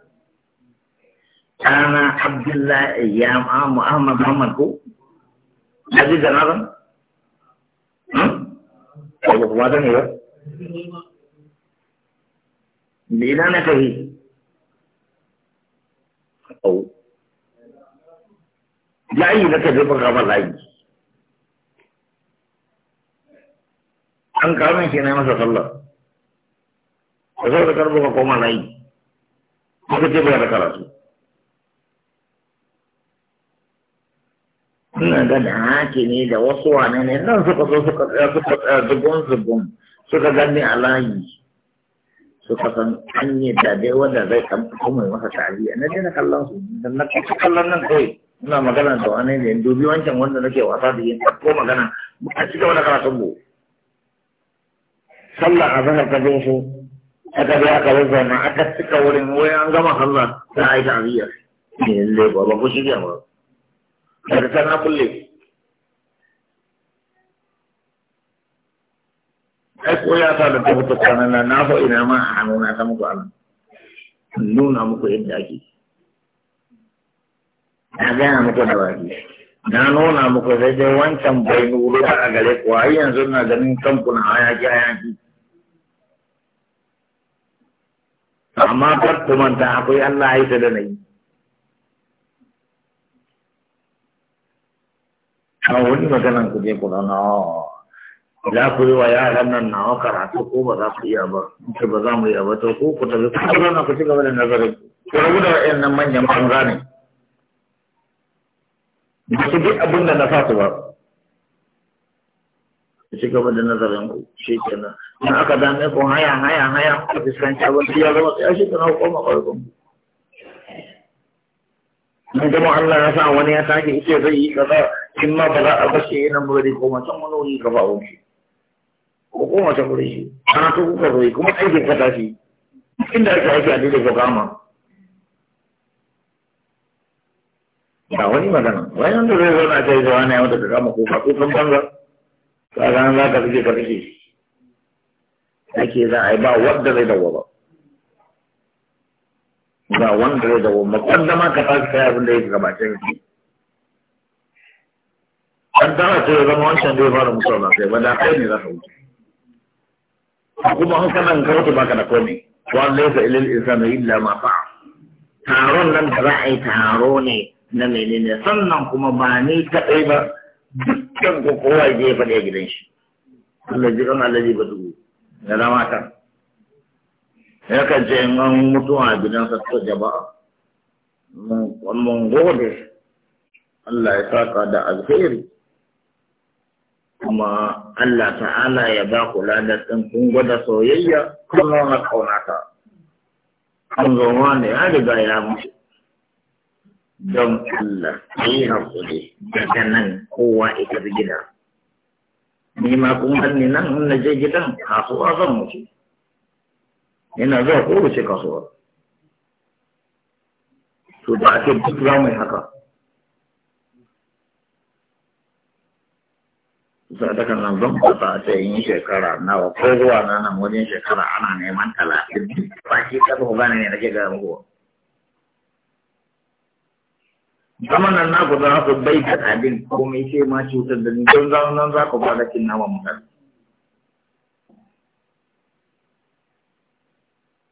أنا عبد الله يا محمد محمد كو هذه جنازة والله ما ده نيرة لينا نتهي أو لا يلك بقى غبر لا يجي an kawo shi na masa sallah ba sai da karbo ka koma ina ga da haƙi ne da wasu wane ne nan suka zo suka tsaya suka tsaya zubun zubun suka gani a layi suka san an yi da dai wanda zai kan fito mai masa tariya na dai kallon su da na kasa kallon nan kawai ina magana da wani ne dubi wancan wanda nake wasa da yin ko magana a cikin wani karatun mu sallah a zahar ta bin su aka bi aka a aka cika wurin wai an gama sallah ta aika a biyar ne lalle ba ba ku shirya ba da na kulle ai ko ya sá da ta tó kwanan nan na fa ma a hannu na ta mú kó nuna muku yadda ake na gaya muku da na nuna muku wúlò dai wancan bai ayé a gare ku ai yanzu na ganin kanku na hayaki hayaki amma kar ku manta akwai Allah ya yi da nayi a wani maganan ku je ku zauna za ku yi wa yaran nan nawa karatu ko ba za ku iya ba ce ba za mu iya ba to ko ku tafi ku zauna ku ci gaba da nazarin ku rabu da wa'yan nan manyan banza ne ba su duk abin da na sa su ba ku ci gaba da nazarin ku shi kenan in aka dame ku haya haya haya ku fuskanci abinci ya zama tsaye shi kenan ku koma ƙwarƙon in kuma Allah ya sa wani ya sake ike zai yi kaza in ma ba za a bashi yana murari ko macen wani wuri ka ba a wuce ko ko macen wuri shi ana to kuka zoyi kuma aikin ka tashi inda ake aiki a daidai ko kama ba wani magana wani wanda zai zo na kai zuwa na yau da ka kama ko ka kukan banza ka ga za ka fije ka fije ake za a yi ba wanda zai dawo ba ba wanda zai dawo ma kwanda ma ka tashi kai abin da ya gabace shi kaddara ce zama wancan zai fara mutuwa ba sai ba da kai ne za ka wuce kuma an kana ka wuce baka da komai wanda ya sa'ilil insanu illa ma fa'a taron nan da za a yi taro ne na menene sannan kuma ba ni ba dukkan ko kowa ya faɗi a gidan shi Allah ji kan Allah ba dubu da zama matan ya kan ce in an mutuwa a gidan sa ta jama'a mun gode Allah ya saka da alheri kuma Allah ta'ala ya ba ku ladar ɗin kun gwada soyayya kun nuna ƙaunata. An zo ne ya riga ya mutu. Don Allah, yi haƙuri daga nan kowa ita gida. Ni ma kun hanni nan in na je gidan kasuwa zan mutu. Ina zuwa kowace kasuwa. To da ake duk za mu yi haka. za ta kan zan fata a yin shekara nawa ko zuwa na nan wajen shekara ana neman talatin ba shi ta gane ne nake gaya muku zaman nan na za su bai ta abin komai sai ma cutar da ni don zaman nan za ku ba da kin nawa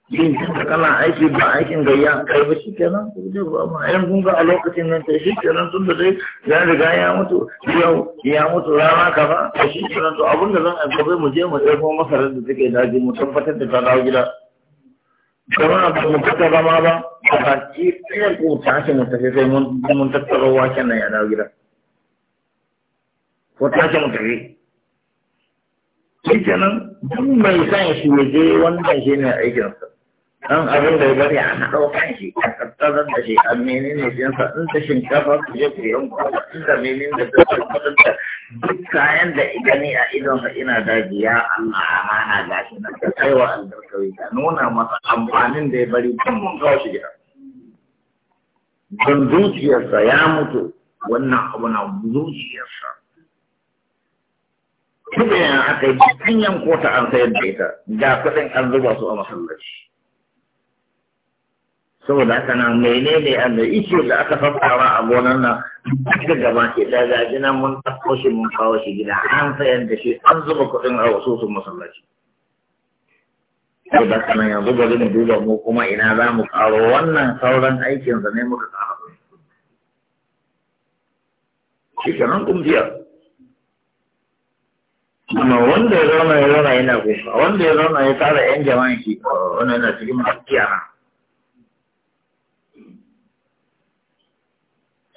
yin da kana aiki ba aikin gayya kai ba shi kenan ku je ba ma yan kun ga a lokacin nan sai shi kenan tun da dai ya riga ya mutu yau ya mutu rana ka ba. shi kenan to abin da zan gobe mu je mu ɗauko masarar da take daji mu tabbatar da ta dawo gida kamar ba mu fita ba ma ba a baki ɗaya ko ce mu tafi sai mun mun tattaro waken nan ya dawo gida ko ce mu tafi shi kenan duk mai san shi ne je wannan shi ne aikinsa dan abin da ya bari a na kan shi a tattalar da shi a menene jinsa in ta shinkafa ku je ku yanko in da menene da ta tabbatar da duk kayan da gani a idon sa ina daji ya Allah mana ga shi na ta wa albarkawi ta nuna masa amfanin da ya bari tun mun kawo shi gida don zuciyarsa ya mutu wannan abu na zuciyarsa Kuma yana aka yi hanyar kota an sayar da ita, ga kuɗin an zuba su a masallaci. saboda haka nan menene an da ice da aka fassara a gonar nan daga gaba ke da gaji mun tafko shi mun kawo shi gida an sayar da shi an zuba kuɗin a wasu sun masallaci saboda haka nan yanzu bari mu duba mu kuma ina za mu ƙaro wannan sauran aikin ne muka kawo shi kenan kun biya amma wanda ya zauna ya zauna yana kuka wanda ya zauna ya tara yan jama'a shi wannan yana cikin masu kiyana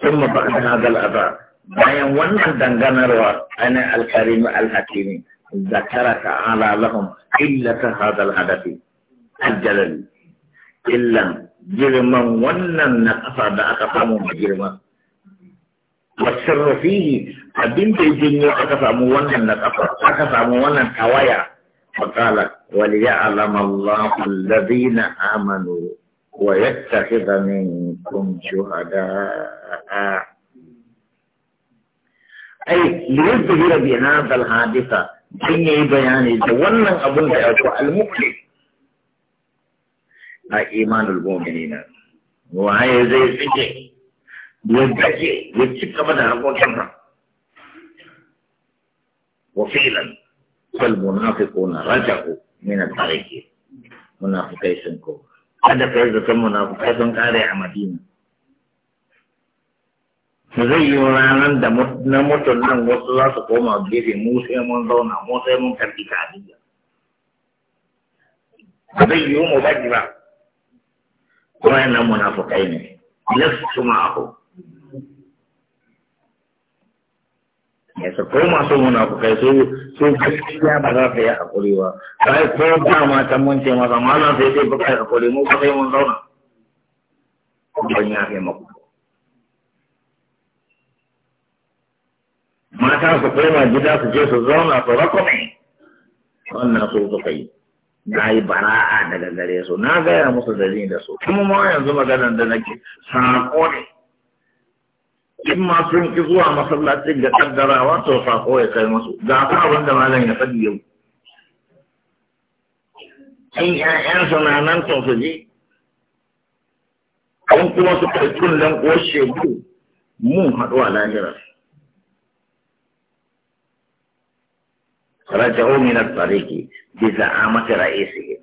ثم بعد هذا الأداء بين ونحن دنغنروا أنا الكريم الحكيم ذكر تعالى لهم إلا هذا الهدف الجلل إلا جرما ونن نقفى بأقفى مجرما والسر فيه أبنت الجنة أقفى مونن نقفى أقفى مونن توايا فقال وليعلم الله الذين آمنوا ويتخذ منكم شهداء أي ليظهر بهذا الحادثة بين بيان دون أبو الأعطاء المؤلف إيمان المؤمنين وهي زي سجي يدكي يتشك بدا أبو كمرا وفعلا فالمنافقون رجعوا من الطريق منافقين كفر kada ka yi zaton munafukai sun kare a madina zai yi ranar da na mutum nan wasu za su koma gefe mu sai mun zauna mu sai mun karbi ta adiyya zai yi mu baki ba kuma yana munafukai ne lasu ma'ahu ya sa ko masu munafukai su su gaskiya ba za ka yi hakuri ba kai ko ba ma ta mun ce masa malam sai dai baka hakuri mu ba sai mun zauna ban ya kai maku mata su koma gida su je su zauna su rakome wannan su suka yi na yi bara'a daga gare su na gaya musu dalilin da su kuma ma yanzu maganar da nake sako ne in ma sun ki zuwa masallacin da kaddarawa to sako ya kai masu ga ka abin malam ya faɗi yau in ƴaƴan suna nan to su je in kuma su kai kullum ko shedu mun haɗu a lahira raja'u min at-tariqi bi za'amati ra'isihi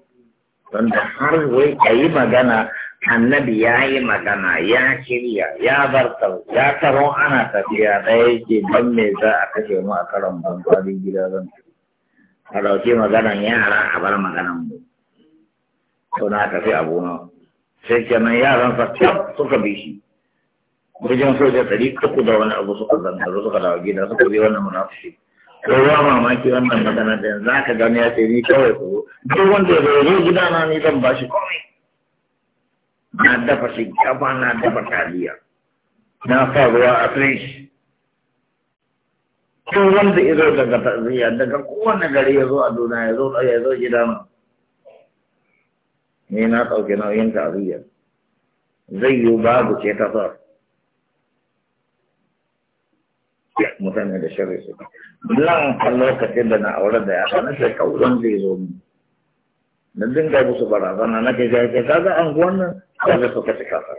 wanda har wai yi magana annabi ya yi magana ya shirya ya zartar ya taro ana tafiya ɗaya ce don me za a kashe mu a karon bankwari gida zan a ɗauki maganan yara a bar maganan mu to na tafi a na sai kenan yaran sa kyau suka bi shi wajen soja ɗari uku da wani abu suka zantaru suka dawo gida suka bi wannan munafiki kowa mamaki wannan magana da yanzu ka gani ya ce ni kawai ko duk wanda ya zo gida na ni zan ba shi komai na dafa shinkafa na dafa taliya na sa ruwa a firish tun wanda ya zo daga ta'aziyya daga kowane gari ya zo a duna ya zo ya zo gidana Me na ɗauke nauyin ta'aziyyar zai yi babu ce ta sa mutane da shirin su nan a lokacin da na aure da ya sanar da kawai wanda ya zo mu na dinga musu barazana na ke ga an anguwan nan kaga suka ci kasa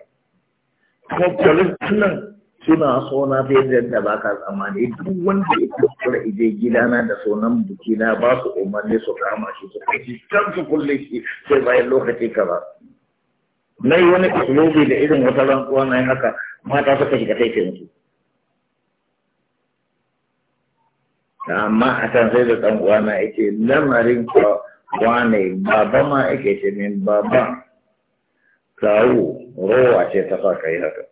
ko polis nan suna so na da yadda ba ka tsammani duk wanda ya kuskura ije gidana da sonan buki na ba su umarni su kama shi su kai can su kulle shi sai bai lokaci kaza na yi wani kusurobi da irin wata rantsuwa na haka mata suka shiga taifin su amma a can sai da ɗan uwana yake lamarin kwa wane baba ma ake ce min baba kawo rowa ce ta sa ka yi haka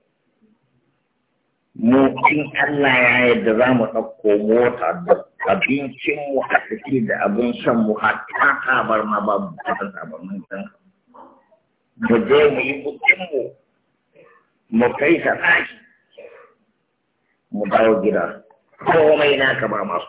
mu in Allah ya yadda za mu ɗauko mota da abincinmu a ciki da abin shan mu hatta bar ma babu ta tabar mun san mu je mu yi bukinmu mu kai ta mu dawo gida komai naka ba masu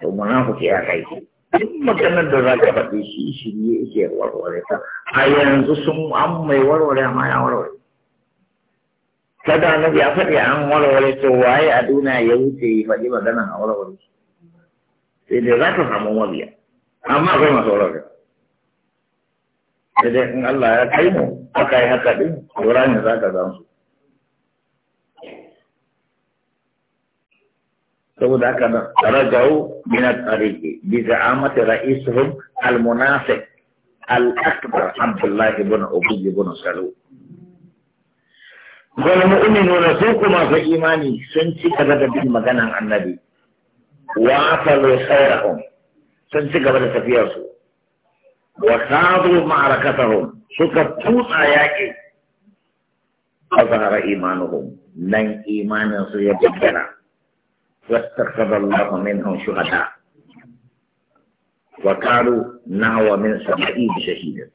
to munafiki ya kai duk maganar da za ka faɗi shi shi shirye yake warware ta a yanzu sun an mai warware amma ya warware kada na ya faɗi an warware to waye a duniya ya wuce ya faɗi maganar a warware sai dai za ka samu mabiya amma akwai masu warware sai dai in Allah ya kai mu aka yi haka ɗin wuraren za ka gamsu saboda haka nan rajau min at-tariqi bi za'amati ra'isuhum al-munafiq al-akbar Abdullah ibn Ubay ibn Salul wal mu'minuna su kuma fa imani sun ci gaba da bin maganan annabi wa falu sayrahum sun ci gaba da tafiyar su wa sadu ma'arakatahum suka tutsa yaki azhara imanuhum nan imanin su ya bayyana واتخذ الله منهم شهداء وقالوا نحو من سبعين شهيدا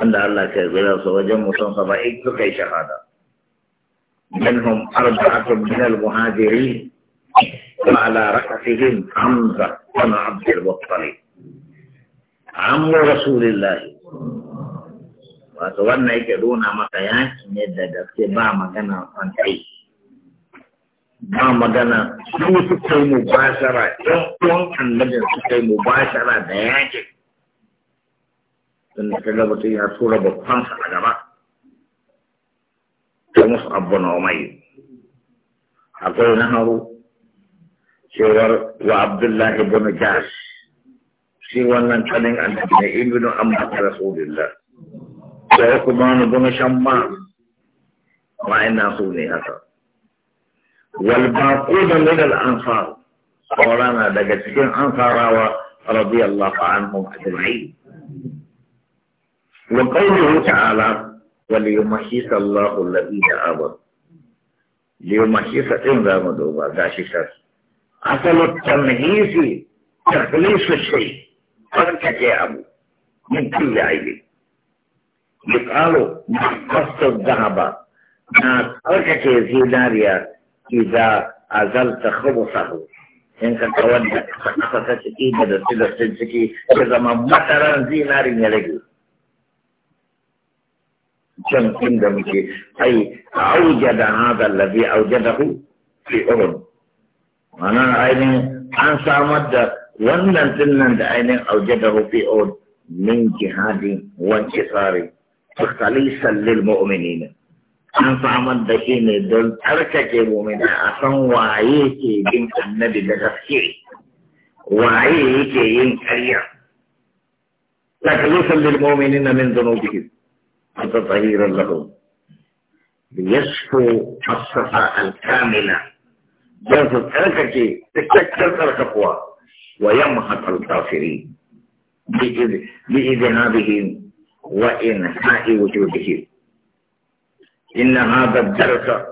عند الله كذلك وجم سبعين إكتك شهادة منهم أربعة من المهاجرين وعلى رأسهم حمزة بن عبد المطلب عم رسول الله wato wannan yake nuna maka yaki ne da gaske ba magana su suka yi mubashara ɗan uwan annabin suka yi mubashara da yaƙi sun ka gaba ya tura babbansa a gaba ta musu abu na mai akwai na haru cewar wa abdullahi ibn jash shi wannan kanin annabi ne ibn amma rasulillah da ya kuma ibn shamma wa'ina su ne haka والباقون من الأنصار صورنا دقتكين أنصار رضي الله عنهم أجمعين وقوله تعالى وليمحيص الله الذين آمنوا ليمحيص إن رمضوا داشكا أصل التمهيز تخليص الشيء فرق أبو من كل عيب يقالوا محقصت الذهب ما تركك زيناريا إذا أزلت خبصه إن كنت أود فقصت إيدا دستيدا سنسكي إذا ما مثلا زينار يلقي كم عندما أي أوجد هذا الذي أوجده في أورن أنا أين أنسى مدة ونن تنن da أوجده في fi من جهاد jihadi wa للمؤمنين an samar da shi ne don tsarkake mumina a san waye ke bin annabi da gaske waye yake yin ƙarya takalisan lil mu'minina min dhunubihim تطهيرا لهم ليشفوا الصفاء الكاملة جنس الحركة تستكثر التقوى ويمحق الكافرين بإذهابهم وإنهاء وجودهم إن هذا الدرس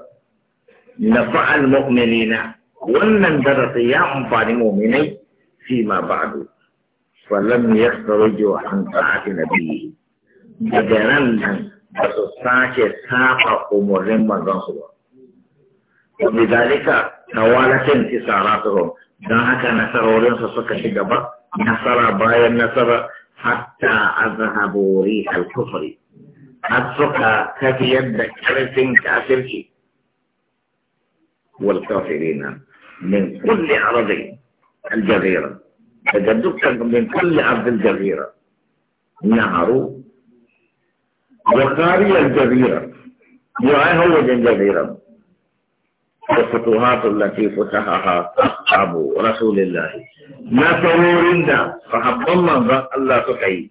نفع المؤمنين ومن درس إياهم أنفال المؤمنين فيما بعد فلم يخرجوا عن طاعة نبيه بدلاً عن أسسانك ساق أمورهم من رسوله وبذلك توالت انتصاراتهم ذاك نصر أولين سسك شجبا نصر باين نصر حتى أذهبوا ريح الكفر حسك كفي يدك كرسين كافرك والكافرين من كل أرض الجزيرة تجدك من كل أرض الجزيرة نهرو وقاري الجزيرة يعيه وجن الجزيرة الفتوحات التي فتحها أصحاب رسول الله ما تورنا فحب الله الله تقي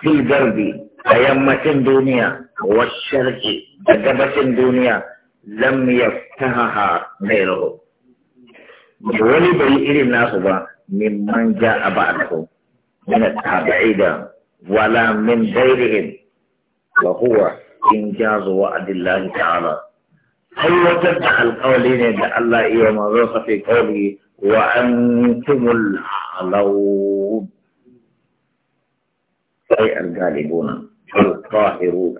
في جربي تيمتن دونيا والشرق تجبتن دونيا لم يفتهها غيره ولي بلي إلي ناخبا ممن جاء بعدهم من التابعين ولا من غيرهم وهو إنجاز وعد الله تعالى هل وجد القولين الله يوم الرصة في قوله وأنتم الأعلون أي الغالبون القاهرون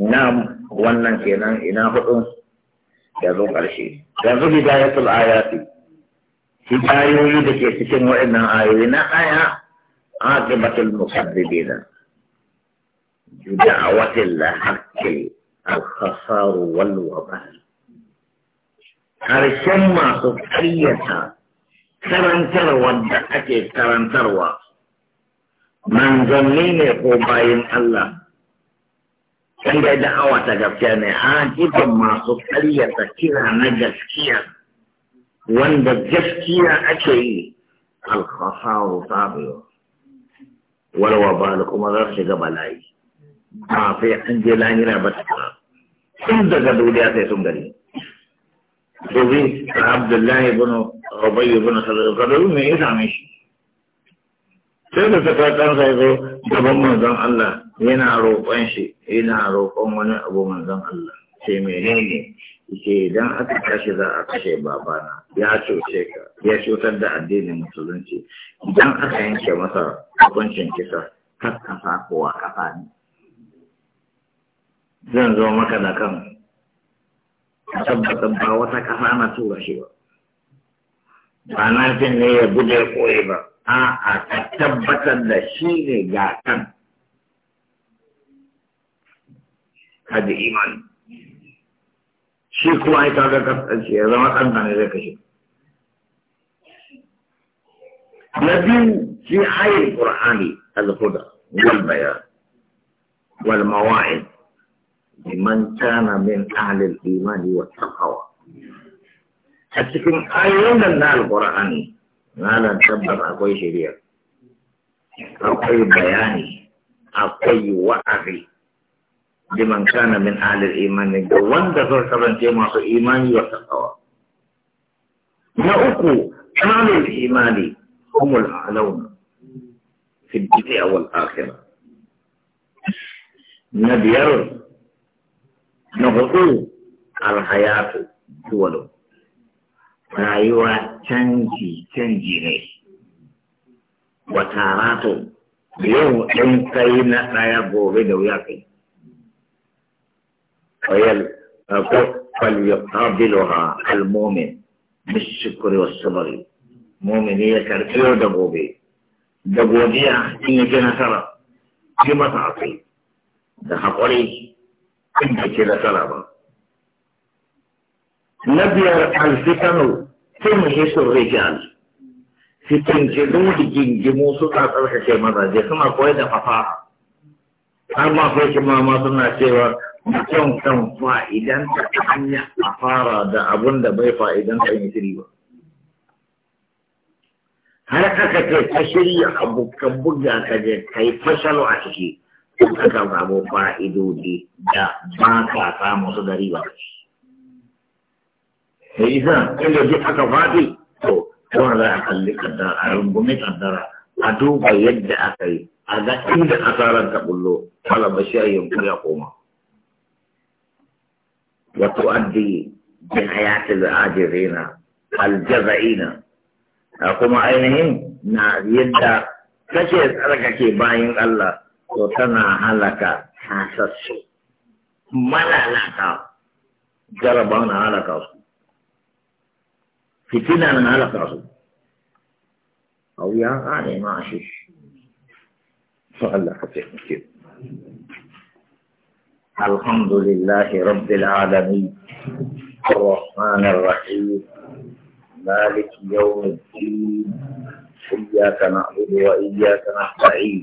نعم وانا كنا انا هو يذوق على شيء يذوق بداية الآيات في آية يدك يسكن وإن آية وإن آية عاقبة المصددين بدعوة الحق الخسار والوبال أرسم ما سبحية ترنتر ودعك ترى وقع manzanni ne ko bayin Allah kan da da'awa ta gaskiya ne ajiban masu karyata kira na gaskiya wanda gaskiya ake yi alkhasaru sabiyo walwa ba kuma za su shiga bala'i ba sai an je lahira ba ta sun daga duniya sai sun gari domin abdullahi bin ubayy bin sallallahu alaihi wasallam ne ya same shi sai da ta kansa ya zo gaban manzon Allah yana roƙon shi yana roƙon wani abu manzon Allah ce ne ce idan aka kashe za a kashe babana ya cuce ka ya cutar da addinin musulunci idan aka yanke masa hukuncin kisa kar ka kowa kafa ne zan zo maka da kan tabbatar ba wata kafa na tura shi ba ba na fin ne ya bude koyi ba a'a ka tabbatar da shi ne ga kan ka da imani shi kuma ai kaga kasance ya zama ɗan gane zai kashe na biyu shi ayin qur'ani al-huda wal bayan wal mawa'id liman kana min ahli al-imani wa taqwa a cikin ayoyin nan na al-qur'ani malam tabbas akwai shari'a akwai bayani akwai wa'azi liman kana min alil imani ga wanda zai kasance masu imani wa takawa na uku alil imani humul alaun fi dunya wal akhirah na biyar na hudu alhayatu duwalu رايوة تنجي تنجي لي وطاراته يوم انتين لا يبغو بدو يقي فيل فليقابلها المؤمن بالشكر والصبر المؤمن هي كرتيو دبو بي دبو بي اني جنا سرا كما تعطي ده حقولي انت كده سرا بقى na biyar alfitanu tun hisun rijal fitintinu da gingimu suka tsarkake mazaje suna koyar da fasaha har ma kai kuma ma suna cewa mutum kan fa'idan ta hanya a fara da abun da bai fa'idan ta yi shiri ba har aka ce ta shirya abu ka buga ka je kai fashalo a ciki ka samu fa'idodi da ba ka samu su dari ba. ya yi inda duk aka faɗi to kuma za a kalli kaddara a rungumi kaddara a duba yadda aka yi a ga inda asarar ta bullo kala a yankun a koma wa tu'addi bin al ajirina aljazaina kuma ainihin na yadda kake tsarkake bayan Allah to tana halaka hasassu malalata jarabawa na halaka su fitina na halaka su او يا kare ما عشيش Allah ka taimake الحمد لله رب العالمين الرحمن الرحيم مالك يوم الدين إياك نعبد وإياك نستعين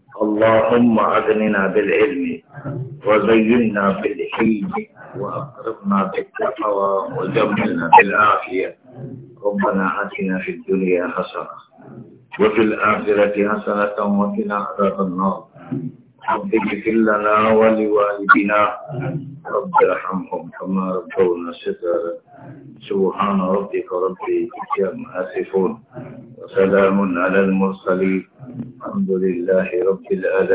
اللهم أغننا بالعلم وزينا بالحلم وأقربنا بالتقوى وجملنا بالعافية ربنا آتنا في الدنيا حسنة وفي الآخرة حسنة وقنا عذاب النار رب اغفر لنا ولوالدنا رب ارحمهم كما ربونا صغارا سبحان ربك رب العزة عما يصفون وسلام على المرسلين الحمد لله رب العالمين